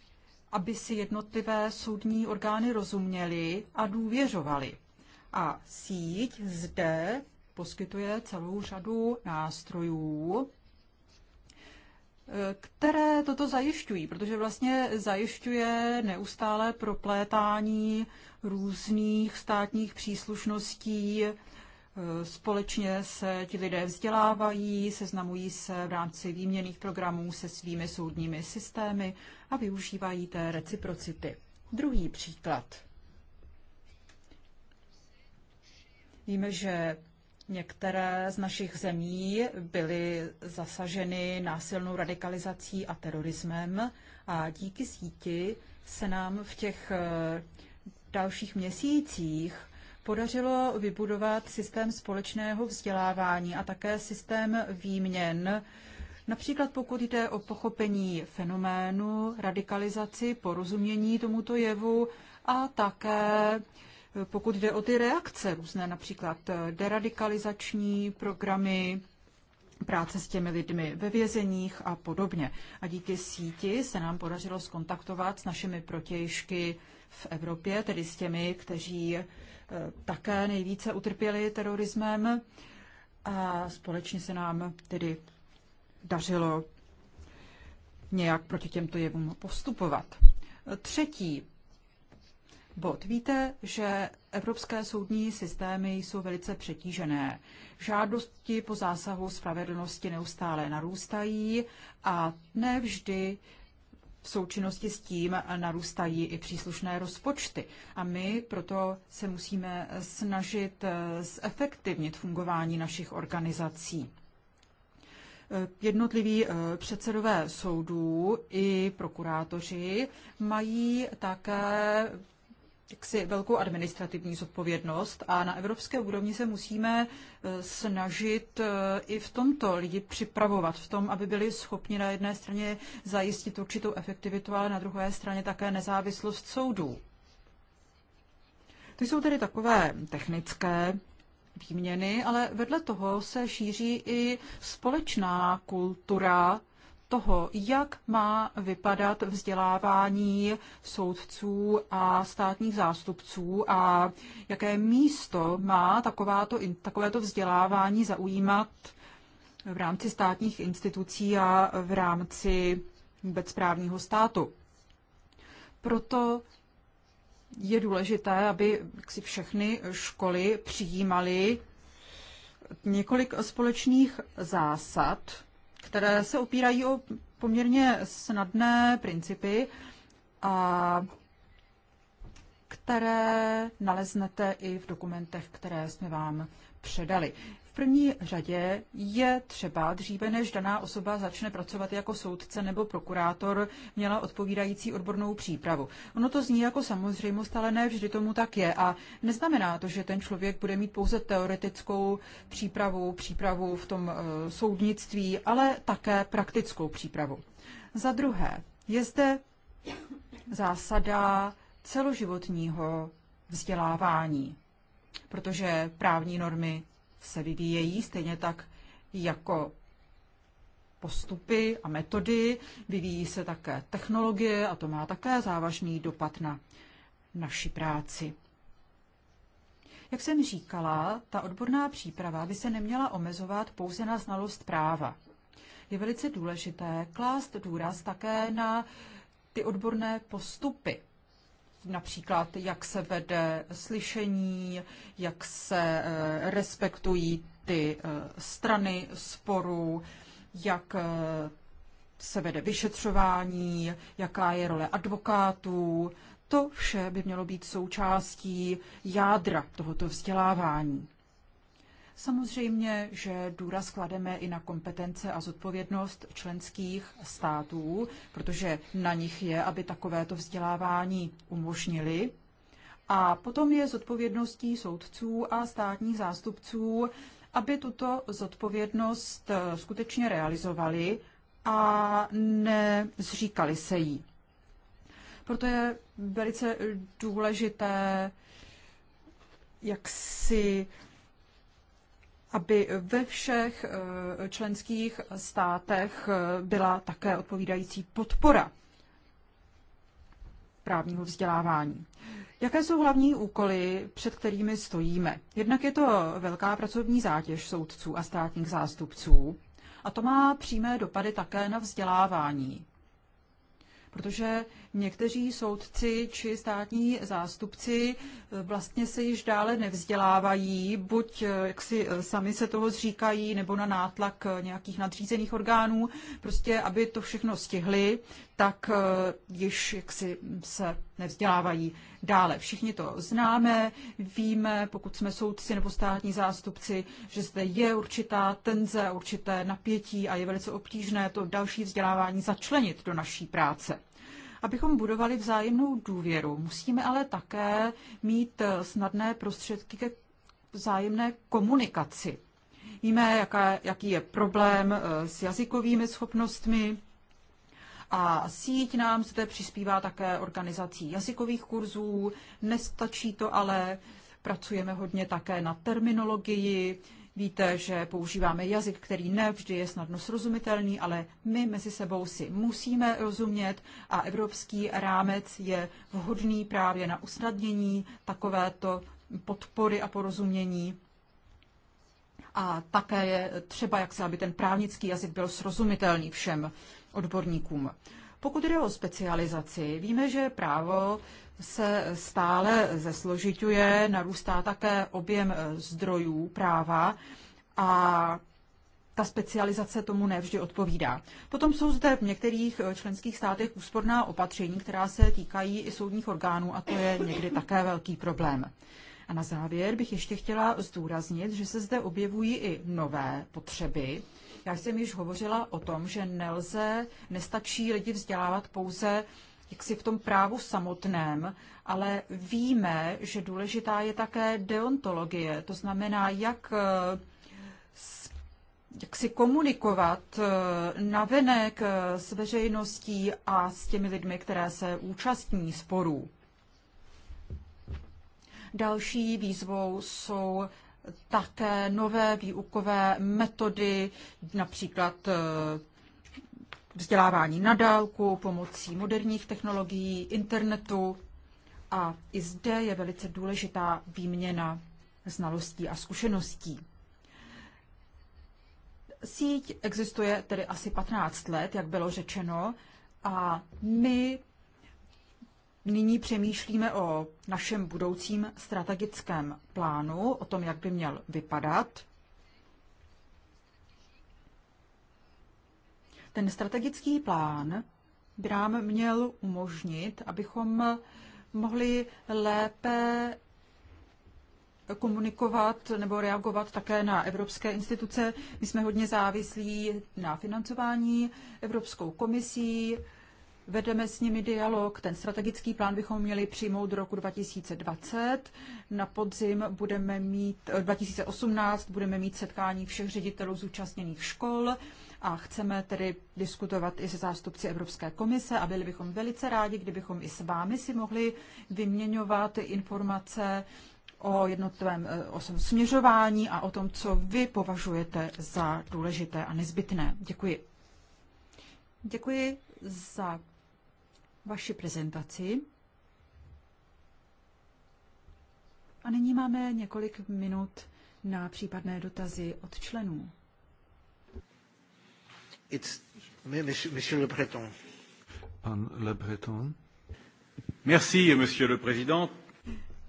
aby si jednotlivé soudní orgány rozuměly a důvěřovaly. A síť zde poskytuje celou řadu nástrojů, které toto zajišťují, protože vlastně zajišťuje neustálé proplétání různých státních příslušností, Společně se ti lidé vzdělávají, seznamují se v rámci výměných programů se svými soudními systémy a využívají té reciprocity. Druhý příklad. Víme, že některé z našich zemí byly zasaženy násilnou radikalizací a terorismem a díky síti se nám v těch eh, dalších měsících podařilo vybudovat systém společného vzdělávání a také systém výměn. Například pokud jde o pochopení fenoménu, radikalizaci, porozumění tomuto jevu a také eh, pokud jde o ty reakce, různé například eh, deradikalizační programy, práce s těmi lidmi ve vězeních a podobně. A díky síti se nám podařilo skontaktovat s našimi protějšky v Evropě, tedy s těmi, kteří také nejvíce utrpěli terorismem a společně se nám tedy dařilo nějak proti těmto jevům postupovat. Třetí bod. Víte, že evropské soudní systémy jsou velice přetížené. Žádosti po zásahu spravedlnosti neustále narůstají a nevždy v součinnosti s tím narůstají i příslušné rozpočty. A my proto se musíme snažit eh, zefektivnit fungování našich organizací. Eh, jednotliví eh, předsedové soudů i prokurátoři mají také jaksi velkou administrativní zodpovědnost a na evropské úrovni se musíme e, snažit e, i v tomto lidi připravovat, v tom, aby byli schopni na jedné straně zajistit určitou efektivitu, ale na druhé straně také nezávislost soudů. Ty jsou tedy takové technické výměny, ale vedle toho se šíří i společná kultura toho, jak má vypadat vzdělávání soudců a státních zástupců a jaké místo má takováto, takovéto vzdělávání zaujímat v rámci státních institucí a v rámci vůbec právního státu. Proto je důležité, aby si všechny školy přijímaly několik společných zásad, které se opírají o poměrně snadné principy a které naleznete i v dokumentech, které jsme vám předali první řadě je třeba dříve, než daná osoba začne pracovat jako soudce nebo prokurátor, měla odpovídající odbornou přípravu. Ono to zní jako samozřejmost, ale ne vždy tomu tak je. A neznamená to, že ten člověk bude mít pouze teoretickou přípravu, přípravu v tom eh, soudnictví, ale také praktickou přípravu. Za druhé, je zde zásada celoživotního vzdělávání, protože právní normy se vyvíjejí, stejně tak jako postupy a metody, vyvíjí se také technologie a to má také závažný dopad na naši práci. Jak jsem říkala, ta odborná příprava by se neměla omezovat pouze na znalost práva. Je velice důležité klást důraz také na ty odborné postupy, například jak se vede slyšení, jak se eh, respektují ty eh, strany sporu, jak eh, se vede vyšetřování, jaká je role advokátů. To vše by mělo být součástí jádra tohoto vzdělávání. Samozřejmě, že důraz klademe i na kompetence a zodpovědnost členských států, protože na nich je, aby takovéto vzdělávání umožnili. A potom je zodpovědností soudců a státních zástupců, aby tuto zodpovědnost eh, skutečně realizovali a nezříkali se jí. Proto je velice důležité jak si aby ve všech eh, členských státech eh, byla také odpovídající podpora právního vzdělávání. Jaké jsou hlavní úkoly, před kterými stojíme? Jednak je to velká pracovní zátěž soudců a státních zástupců a to má přímé dopady také na vzdělávání, protože Někteří soudci či státní zástupci eh, vlastně se již dále nevzdělávají, buď eh, jak si eh, sami se toho zříkají, nebo na nátlak nějakých nadřízených orgánů, prostě aby to všechno stihli, tak již jaksi se nevzdělávají dále. Všichni to známe, víme, pokud jsme soudci nebo státní zástupci, že zde je určitá tenze, určité napětí a je velice obtížné to další vzdělávání začlenit do naší práce. Abychom budovali vzájemnou důvěru, musíme ale také mít eh, snadné prostředky ke vzájemné komunikaci. Víme, jaká, jaký je problém eh, s jazykovými schopnostmi, a síť nám zde přispívá také organizací jazykových kurzů. Nestačí to ale, pracujeme hodně také na terminologii, Víte, že používáme jazyk, který ne vždy je snadno srozumitelný, ale my mezi sebou si musíme rozumět a evropský rámec je vhodný právě na usnadnění takovéto podpory a porozumění. A také je třeba, jak se, aby ten právnický jazyk byl srozumitelný všem odborníkům. Pokud jde o specializaci, víme, že právo se stále zesložituje, narůstá také objem e, zdrojů práva a ta specializace tomu nevždy odpovídá. Potom jsou zde v některých e, členských státech úsporná opatření, která se týkají i soudních orgánů a to je někdy také velký problém. A na závěr bych ještě chtěla zdůraznit, že se zde objevují i nové potřeby, já jsem již hovořila o tom, že nelze, nestačí lidi vzdělávat pouze jaksi v tom právu samotném, ale víme, že důležitá je také deontologie, to znamená, jak eh, jak si komunikovat eh, navenek eh, s veřejností a s těmi lidmi, které se účastní sporů. Další výzvou jsou také nové výukové metody, například eh, vzdělávání na dálku pomocí moderních technologií, internetu. A i zde je velice důležitá výměna znalostí a zkušeností. Síť existuje tedy asi 15 let, jak bylo řečeno, a my Nyní přemýšlíme o našem budoucím strategickém plánu, o tom, jak by měl vypadat. Ten strategický plán by nám měl umožnit, abychom mohli lépe komunikovat nebo reagovat také na evropské instituce. My jsme hodně závislí na financování Evropskou komisí, Vedeme s nimi dialog. Ten strategický plán bychom měli přijmout do roku 2020. Na podzim budeme mít, 2018 eh, budeme mít setkání všech ředitelů zúčastněných škol a chceme tedy diskutovat i se zástupci Evropské komise a byli bychom velice rádi, kdybychom i s vámi si mohli vyměňovat informace o jednotlivém eh, o směřování a o tom, co vy považujete za důležité a nezbytné. Děkuji. Děkuji za vaši prezentaci. A nyní máme několik minut na případné dotazy od členů. It's Monsieur Le Breton. Pan Le Breton. Merci, Monsieur le Président.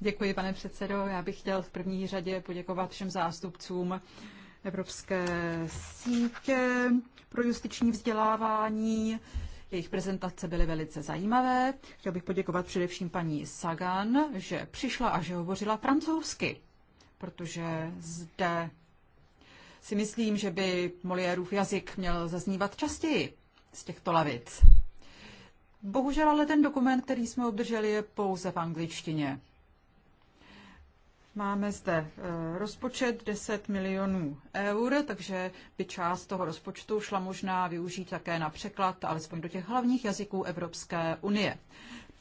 Děkuji, pane předsedo. Já bych chtěl v první řadě poděkovat všem zástupcům Evropské sítě pro justiční vzdělávání. Jejich prezentace byly velice zajímavé. Chtěl bych poděkovat především paní Sagan, že přišla a že hovořila francouzsky, protože zde si myslím, že by Moliérův jazyk měl zaznívat častěji z těchto lavic. Bohužel ale ten dokument, který jsme obdrželi, je pouze v angličtině. Máme zde e, rozpočet 10 milionů eur, takže by část toho rozpočtu šla možná využít také na překlad, alespoň do těch hlavních jazyků Evropské unie.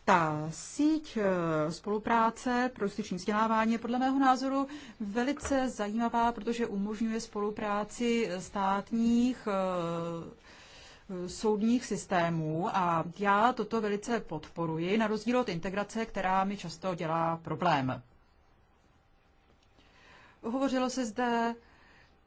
Ta síť e, spolupráce pro justiční vzdělávání je podle mého názoru velice zajímavá, protože umožňuje spolupráci státních e, soudních systémů a já toto velice podporuji, na rozdíl od integrace, která mi často dělá problém. Hovořilo se zde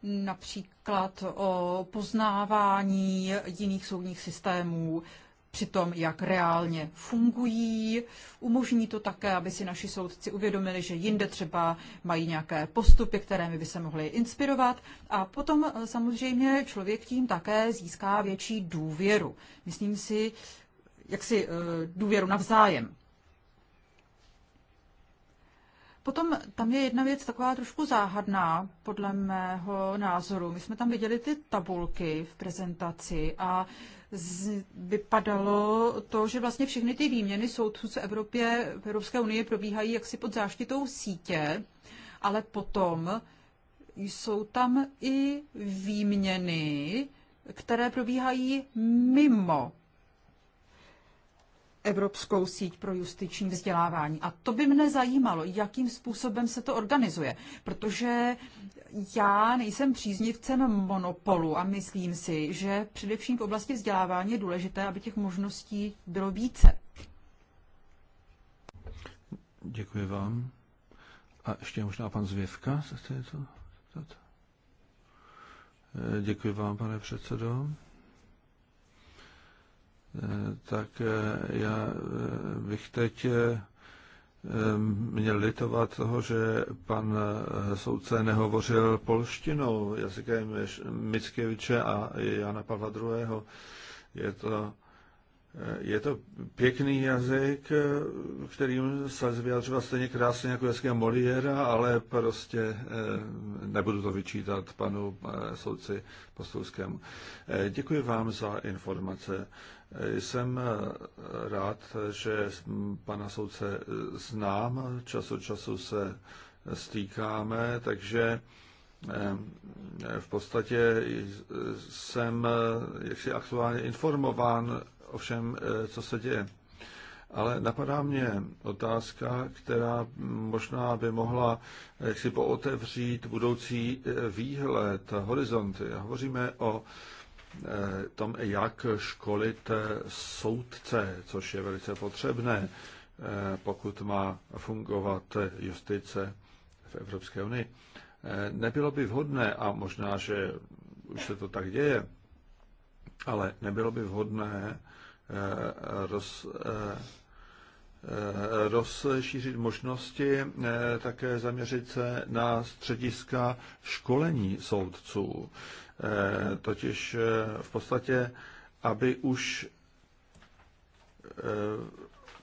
například o poznávání jiných soudních systémů, při tom, jak reálně fungují. Umožní to také, aby si naši soudci uvědomili, že jinde třeba mají nějaké postupy, které by se mohli inspirovat. A potom eh, samozřejmě člověk tím také získá větší důvěru. Myslím si, jak si eh, důvěru navzájem. Potom tam je jedna věc taková trošku záhadná, podle mého názoru. My jsme tam viděli ty tabulky v prezentaci a z, vypadalo to, že vlastně všechny ty výměny soudců z Evropě, v Evropské unie probíhají jaksi pod záštitou sítě, ale potom jsou tam i výměny, které probíhají mimo Evropskou síť pro justiční vzdělávání. A to by mne zajímalo, jakým způsobem se to organizuje, protože já nejsem příznivcem monopolu a myslím si, že především v oblasti vzdělávání je důležité, aby těch možností bylo více. Děkuji vám. A ještě možná pan Zvěvka se chce to eh, Děkuji vám, pane předsedo. Eh, tak eh, já eh, bych teď měl litovat toho, že pan soudce nehovořil polštinou jazykem Mickeviče a Jana Pavla II. Je to, je to pěkný jazyk, kterým se vyjadřoval stejně krásně jako jazykem Moliera, ale prostě nebudu to vyčítat panu soudci Postulskému. Děkuji vám za informace. Jsem eh, rád, že pana soudce eh, znám, čas od času se eh, stýkáme, takže v podstatě jsem jaksi aktuálně informován o všem, co se děje. Ale napadá mě otázka, která možná by mohla jaksi pootevřít budoucí výhled, horizonty. Hovoříme o Eh, tom, jak školit soudce, což je velice potřebné, eh, pokud má fungovat justice v Evropské unii. Eh, nebylo by vhodné, a možná, že už se to tak děje, ale nebylo by vhodné roz, Eh, rozšířit možnosti, eh, také zaměřit se na střediska školení soudců. Eh, totiž v podstatě, aby už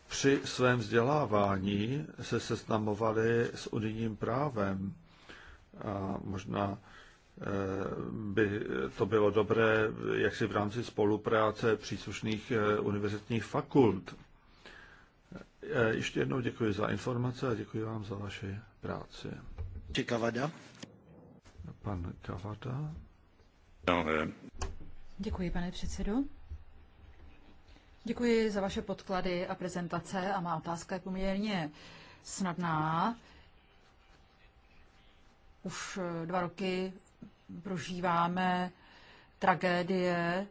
při svém vzdělávání se seznamovali s unijním právem. A možná by to bylo dobré, jak si v rámci spolupráce příslušných univerzitních fakult E, ještě jednou děkuji za informace a děkuji vám za vaši práci. Kavada. Pan Kavada. No, e. Děkuji, pane předsedo. Děkuji za vaše podklady a prezentace a má otázka je poměrně snadná. Už dva roky prožíváme tragédie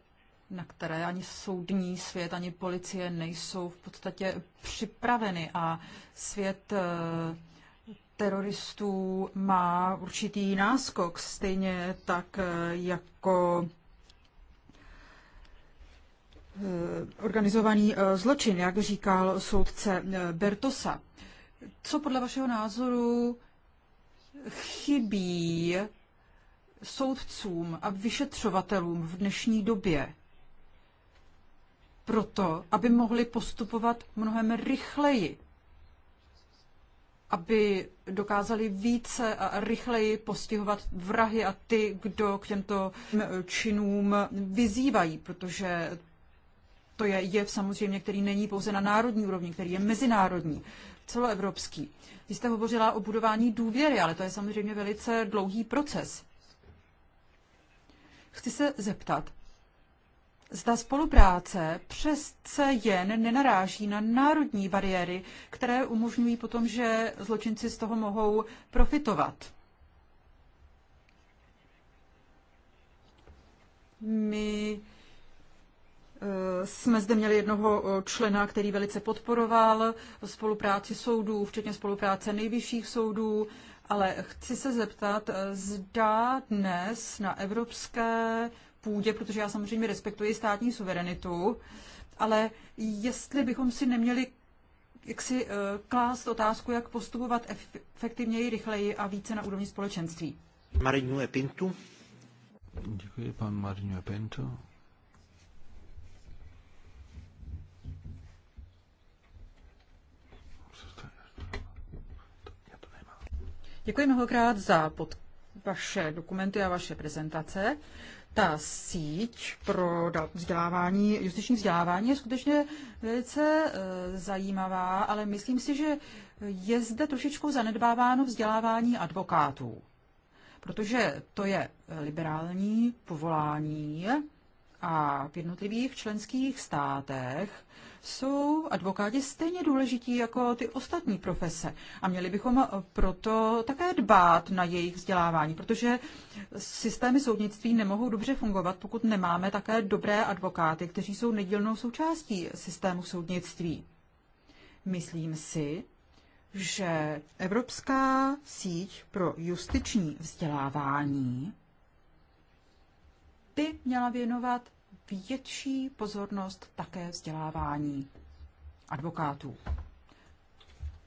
na které ani soudní svět, ani policie nejsou v podstatě připraveny a svět eh, teroristů má určitý náskok, stejně tak eh, jako eh, organizovaný zločin, jak říkal soudce Bertosa. Co podle vašeho názoru chybí soudcům a vyšetřovatelům v dnešní době? proto, aby mohli postupovat mnohem rychleji, aby dokázali více a rychleji postihovat vrahy a ty, kdo k těmto činům vyzývají, protože to je jev samozřejmě, který není pouze na národní úrovni, který je mezinárodní, celoevropský. Vy jste hovořila o budování důvěry, ale to je samozřejmě velice dlouhý proces. Chci se zeptat, zda spolupráce přesce jen nenaráží na národní bariéry, které umožňují potom, že zločinci z toho mohou profitovat. My eh, jsme zde měli jednoho eh, člena, který velice podporoval spolupráci soudů, včetně spolupráce nejvyšších soudů, ale chci se zeptat, eh, zda dnes na evropské půdě, protože já samozřejmě respektuji státní suverenitu, ale jestli bychom si neměli jak si eh, klást otázku, jak postupovat efektivněji, rychleji a více na úrovni společenství. Marinu Pintu. Děkuji, pan Marinu Pintu. Děkuji mnohokrát za pod vaše dokumenty a vaše prezentace ta síť pro vzdělávání, justiční vzdělávání je skutečně velice eh, zajímavá, ale myslím si, že je zde trošičku zanedbáváno vzdělávání advokátů, protože to je eh, liberální povolání, a v jednotlivých členských státech jsou advokáti stejně důležití jako ty ostatní profese. A měli bychom proto také dbát na jejich vzdělávání, protože systémy soudnictví nemohou dobře fungovat, pokud nemáme také dobré advokáty, kteří jsou nedílnou součástí systému soudnictví. Myslím si, že Evropská síť pro justiční vzdělávání by měla věnovat větší pozornost také vzdělávání advokátů.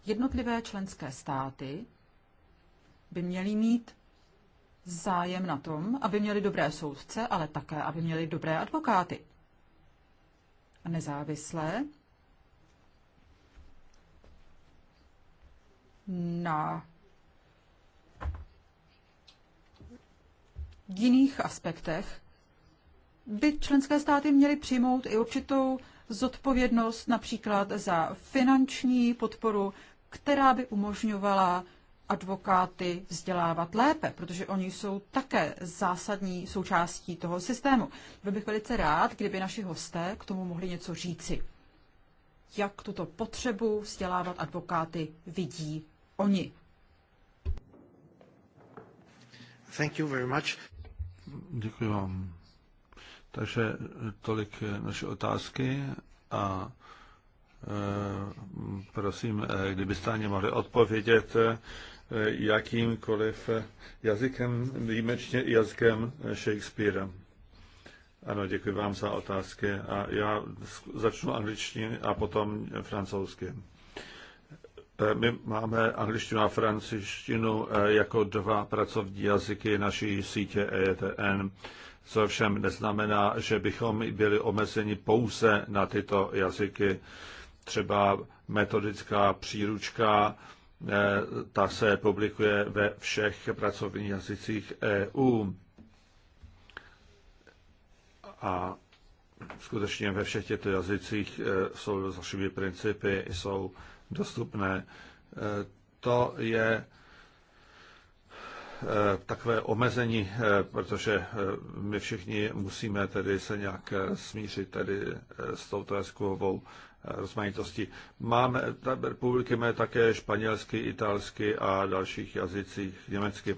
Jednotlivé členské státy by měly mít zájem na tom, aby měli dobré soudce, ale také, aby měli dobré advokáty. A nezávislé na jiných aspektech by členské státy měly přijmout i určitou zodpovědnost například za finanční podporu, která by umožňovala advokáty vzdělávat lépe, protože oni jsou také zásadní součástí toho systému. Byl bych velice rád, kdyby naši hosté k tomu mohli něco říci. Jak tuto potřebu vzdělávat advokáty vidí oni? Thank you very much. Děkuji vám. Takže eh, tolik eh, naše otázky a eh, prosím, kdybyste ani mohli odpovědět jakýmkoliv jazykem, výjimečně jazykem Shakespeare. Ano, děkuji vám za otázky. A já začnu angličtině a potom francouzsky. My máme angličtinu a francouzštinu jako dva pracovní jazyky naší sítě ETN co všem neznamená, že bychom byli omezeni pouze na tyto jazyky. Třeba metodická příručka, eh, ta se publikuje ve všech pracovních jazycích EU. A skutečně ve všech těchto jazycích eh, jsou zašivé principy jsou dostupné. Eh, to je Eh, takové omezení, eh, protože eh, my všichni musíme tedy se nějak smířit tedy s touto jazykovou rozmanitostí. Máme, ta republiky máme také španělsky, italsky a dalších jazycích, německy.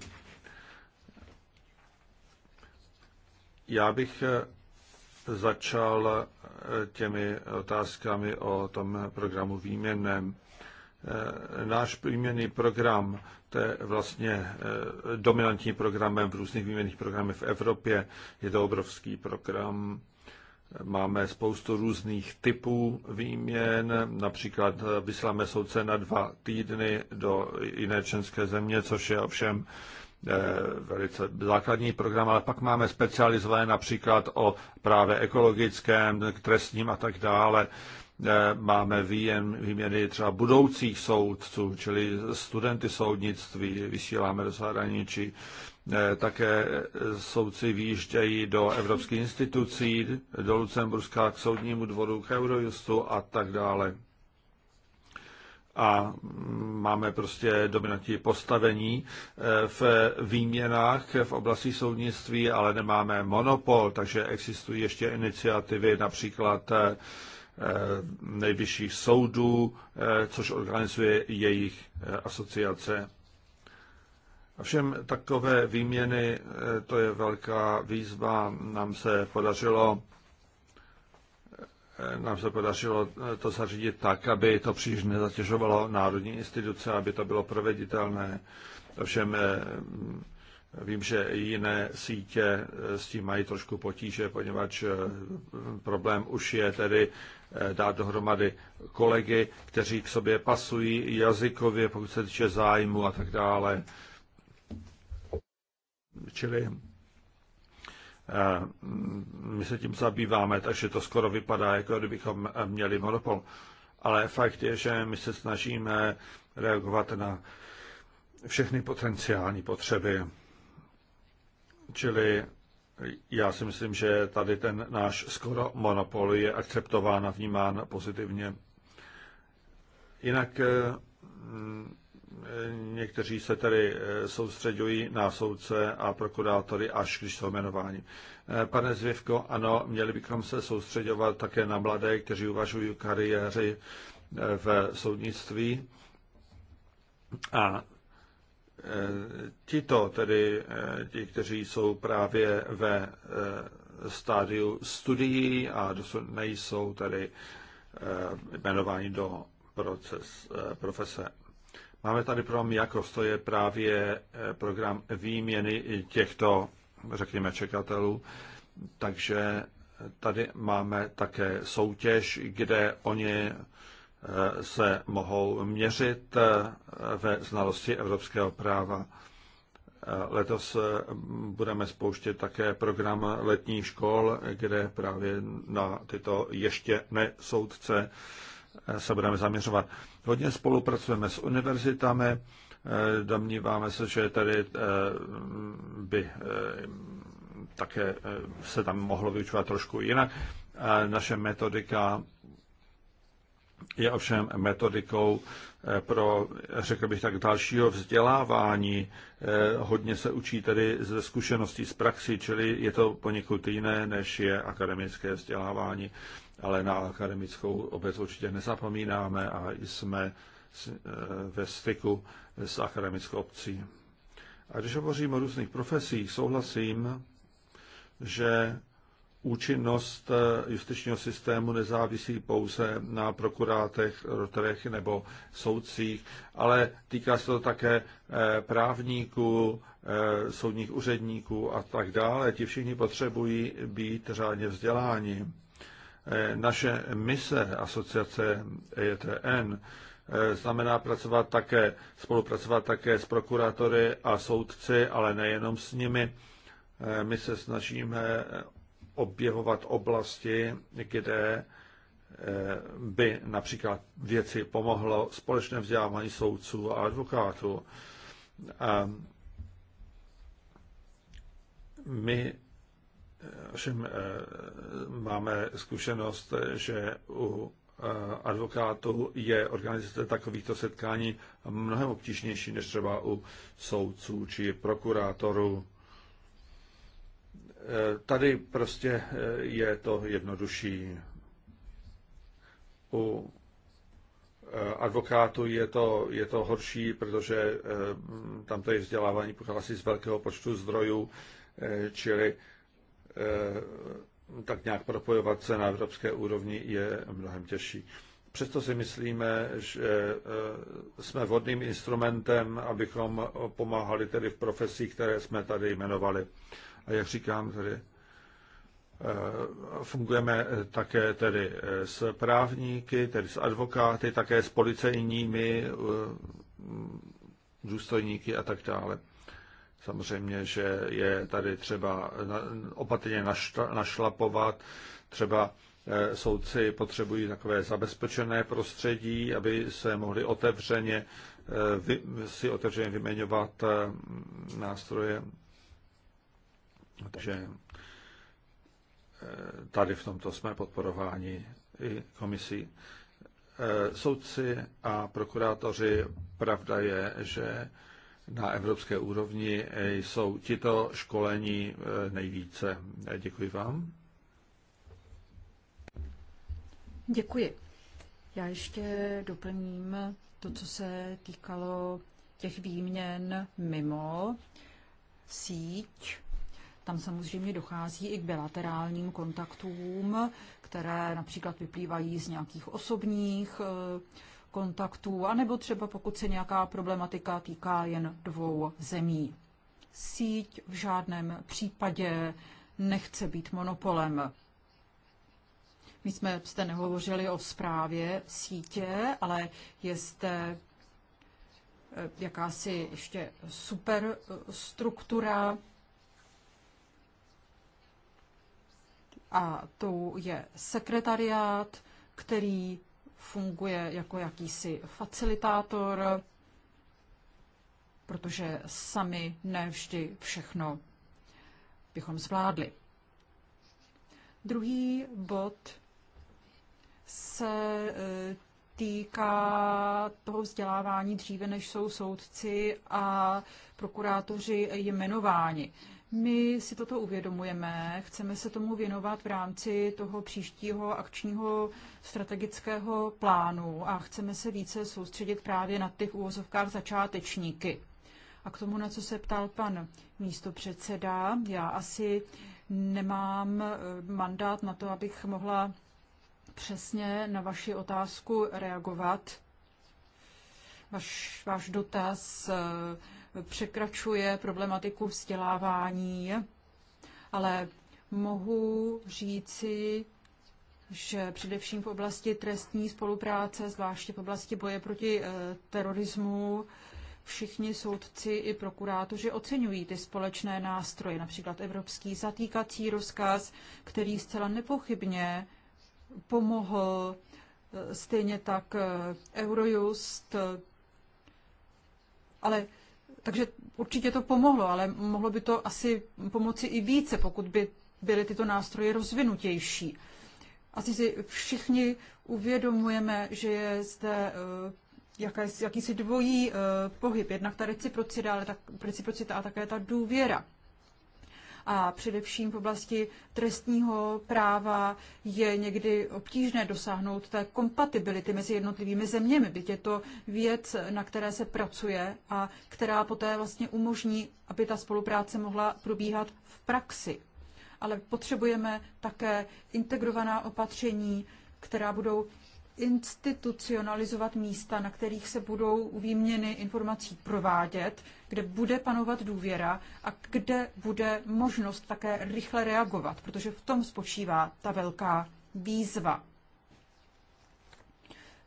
Já bych začal těmi otázkami o tom programu výměnném. Náš výměnný program to je vlastně eh, dominantním programem v různých výměných programech v Evropě. Je to obrovský program. Máme spoustu různých typů výměn, například eh, vysláme soudce na dva týdny do jiné členské země, což je ovšem eh, velice základní program, ale pak máme specializované například o právě ekologickém, trestním a tak dále. Eh, máme výjem, výměny třeba budoucích soudců, čili studenty soudnictví, vysíláme do zahraničí. Eh, také soudci výjíždějí do evropských institucí, do Lucemburska, k soudnímu dvoru, k Eurojustu a tak dále. A máme prostě dominantní postavení eh, v výměnách v oblasti soudnictví, ale nemáme monopol, takže existují ještě iniciativy, například Eh, nejvyšších soudů, eh, což organizuje jejich eh, asociace. všem takové výměny, to je velká výzva, nám se podařilo nám se podařilo to zařídit tak, aby to příliš nezatěžovalo národní instituce, aby to bylo proveditelné. Ovšem mm, vím, že jiné sítě s tím mají trošku potíže, poněvadž problém už je tedy Eh, dát dohromady kolegy, kteří k sobě pasují jazykově, pokud se týče zájmu a tak dále. Čili eh, my se tím zabýváme, takže to skoro vypadá, jako kdybychom měli monopol. Ale fakt je, že my se snažíme reagovat na všechny potenciální potřeby. Čili já si myslím, že tady ten náš skoro monopol je akceptován a vnímán pozitivně. Jinak eh, někteří se tedy eh, soustředují na soudce a prokurátory, až když jsou jmenováni. Eh, pane Zvěvko, ano, měli bychom se soustředovat také na mladé, kteří uvažují kariéry v soudnictví. A Eh, tito, tedy eh, ti, kteří jsou právě ve eh, stádiu studií a dosud nejsou tedy jmenováni do proces, profese. Máme tady program Jakos, to je právě program výměny těchto, řekněme, čekatelů. Takže tady máme také soutěž, kde oni se mohou měřit eh, ve znalosti evropského práva. Eh, letos eh, budeme spouštět také program letních škol, kde právě na tyto ještě nesoudce se budeme zaměřovat. Hodně spolupracujeme s univerzitami, domníváme se, že tady by také se tam mohlo vyučovat trošku jinak. Naše metodika je ovšem metodikou eh, pro, řekl bych tak, dalšího vzdělávání. Eh, hodně se učí tedy ze zkušeností z praxi, čili je to poněkud jiné, než je akademické vzdělávání, ale na akademickou obec určitě nezapomínáme a jsme eh, ve styku s akademickou obcí. A když hovořím o různých profesích, souhlasím, že účinnost eh, justičního systému nezávisí pouze na prokurátech, rotorech nebo soudcích, ale týká se to také eh, právníků, eh, soudních úředníků a tak dále. Ti všichni potřebují být řádně vzděláni. Naše mise asociace ETN znamená pracovat také, spolupracovat také s prokurátory a soudci, ale nejenom s nimi. My se snažíme objevovat oblasti, kde eh, by například věci pomohlo společné vzdělávání soudců a advokátů. My eh, všem eh, máme zkušenost, že u advokátů je organizace takovýchto setkání mnohem obtížnější než třeba u soudců či prokurátorů. Eh, tady prostě eh, je to jednodušší. U eh, advokátu je to, je to horší, protože tam to je vzdělávání pochází z velkého počtu zdrojů, čili tak nějak propojovat se na evropské úrovni je mnohem těžší. Přesto si myslíme, že jsme vhodným instrumentem, abychom pomáhali tedy v profesích, které jsme tady jmenovali. A jak říkám, tady eh, fungujeme také tedy eh, s právníky, tedy s advokáty, také s policejními eh, důstojníky a tak dále. Samozřejmě, že je tady třeba opatrně našlapovat, třeba soudci potřebují takové zabezpečené prostředí, aby se mohli otevřeně, si otevřeně vyměňovat nástroje takže eh, tady v tomto jsme podporováni i komisí. Eh, soudci a prokurátoři, pravda je, že na evropské úrovni eh, jsou tito školení nejvíce. Děkuji vám. Děkuji. Já ještě doplním to, co se týkalo těch výměn mimo síť tam samozřejmě dochází i k bilaterálním kontaktům, které například vyplývají z nějakých osobních eh, kontaktů, anebo třeba pokud se nějaká problematika týká jen dvou zemí. Síť v žádném případě nechce být monopolem. My jsme jste nehovořili o zprávě sítě, ale je zde eh, jakási ještě superstruktura, a tou je sekretariát, který funguje jako jakýsi facilitátor, protože sami nevždy všechno bychom zvládli. Druhý bod se e, týká toho vzdělávání dříve, než jsou soudci a prokurátoři jmenováni. My si toto uvědomujeme, chceme se tomu věnovat v rámci toho příštího akčního strategického plánu a chceme se více soustředit právě na těch úvozovkách začátečníky. A k tomu, na co se ptal pan místopředseda, já asi nemám eh, mandát na to, abych mohla přesně na vaši otázku reagovat. Vaš, váš dotaz eh, překračuje problematiku vzdělávání, ale mohu říci, že především v oblasti trestní spolupráce, zvláště v oblasti boje proti eh, terorismu, všichni soudci i prokurátoři oceňují ty společné nástroje, například evropský zatýkací rozkaz, který zcela nepochybně pomohl eh, stejně tak eh, Eurojust, ale takže určitě to pomohlo, ale mohlo by to asi pomoci i více, pokud by byly tyto nástroje rozvinutější. Asi si všichni uvědomujeme, že je zde eh, jakýsi dvojí eh, pohyb, jednak ta reciprocita, ale tak, reciprocita a také ta důvěra a především v oblasti trestního práva je někdy obtížné dosáhnout té kompatibility mezi jednotlivými zeměmi. Byť je to věc, na které se pracuje a která poté vlastně umožní, aby ta spolupráce mohla probíhat v praxi. Ale potřebujeme také integrovaná opatření, která budou institucionalizovat místa, na kterých se budou výměny informací provádět, kde bude panovat důvěra a kde bude možnost také rychle reagovat, protože v tom spočívá ta velká výzva.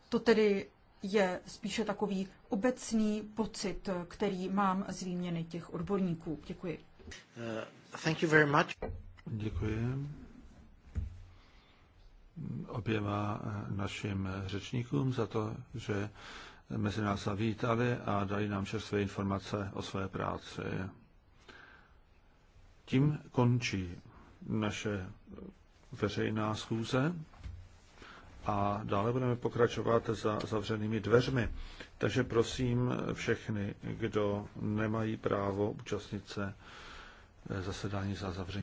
To tedy je spíše takový obecný pocit, který mám z výměny těch odborníků. Děkuji. Uh, thank you very much. Děkuji oběma eh, našim eh, řečníkům za to, že mezi nás zavítali a dali nám čerstvé informace o své práci. Tím končí naše veřejná schůze a dále budeme pokračovat za zavřenými dveřmi. Takže prosím všechny, kdo nemají právo účastnit se eh, zasedání za zavřenými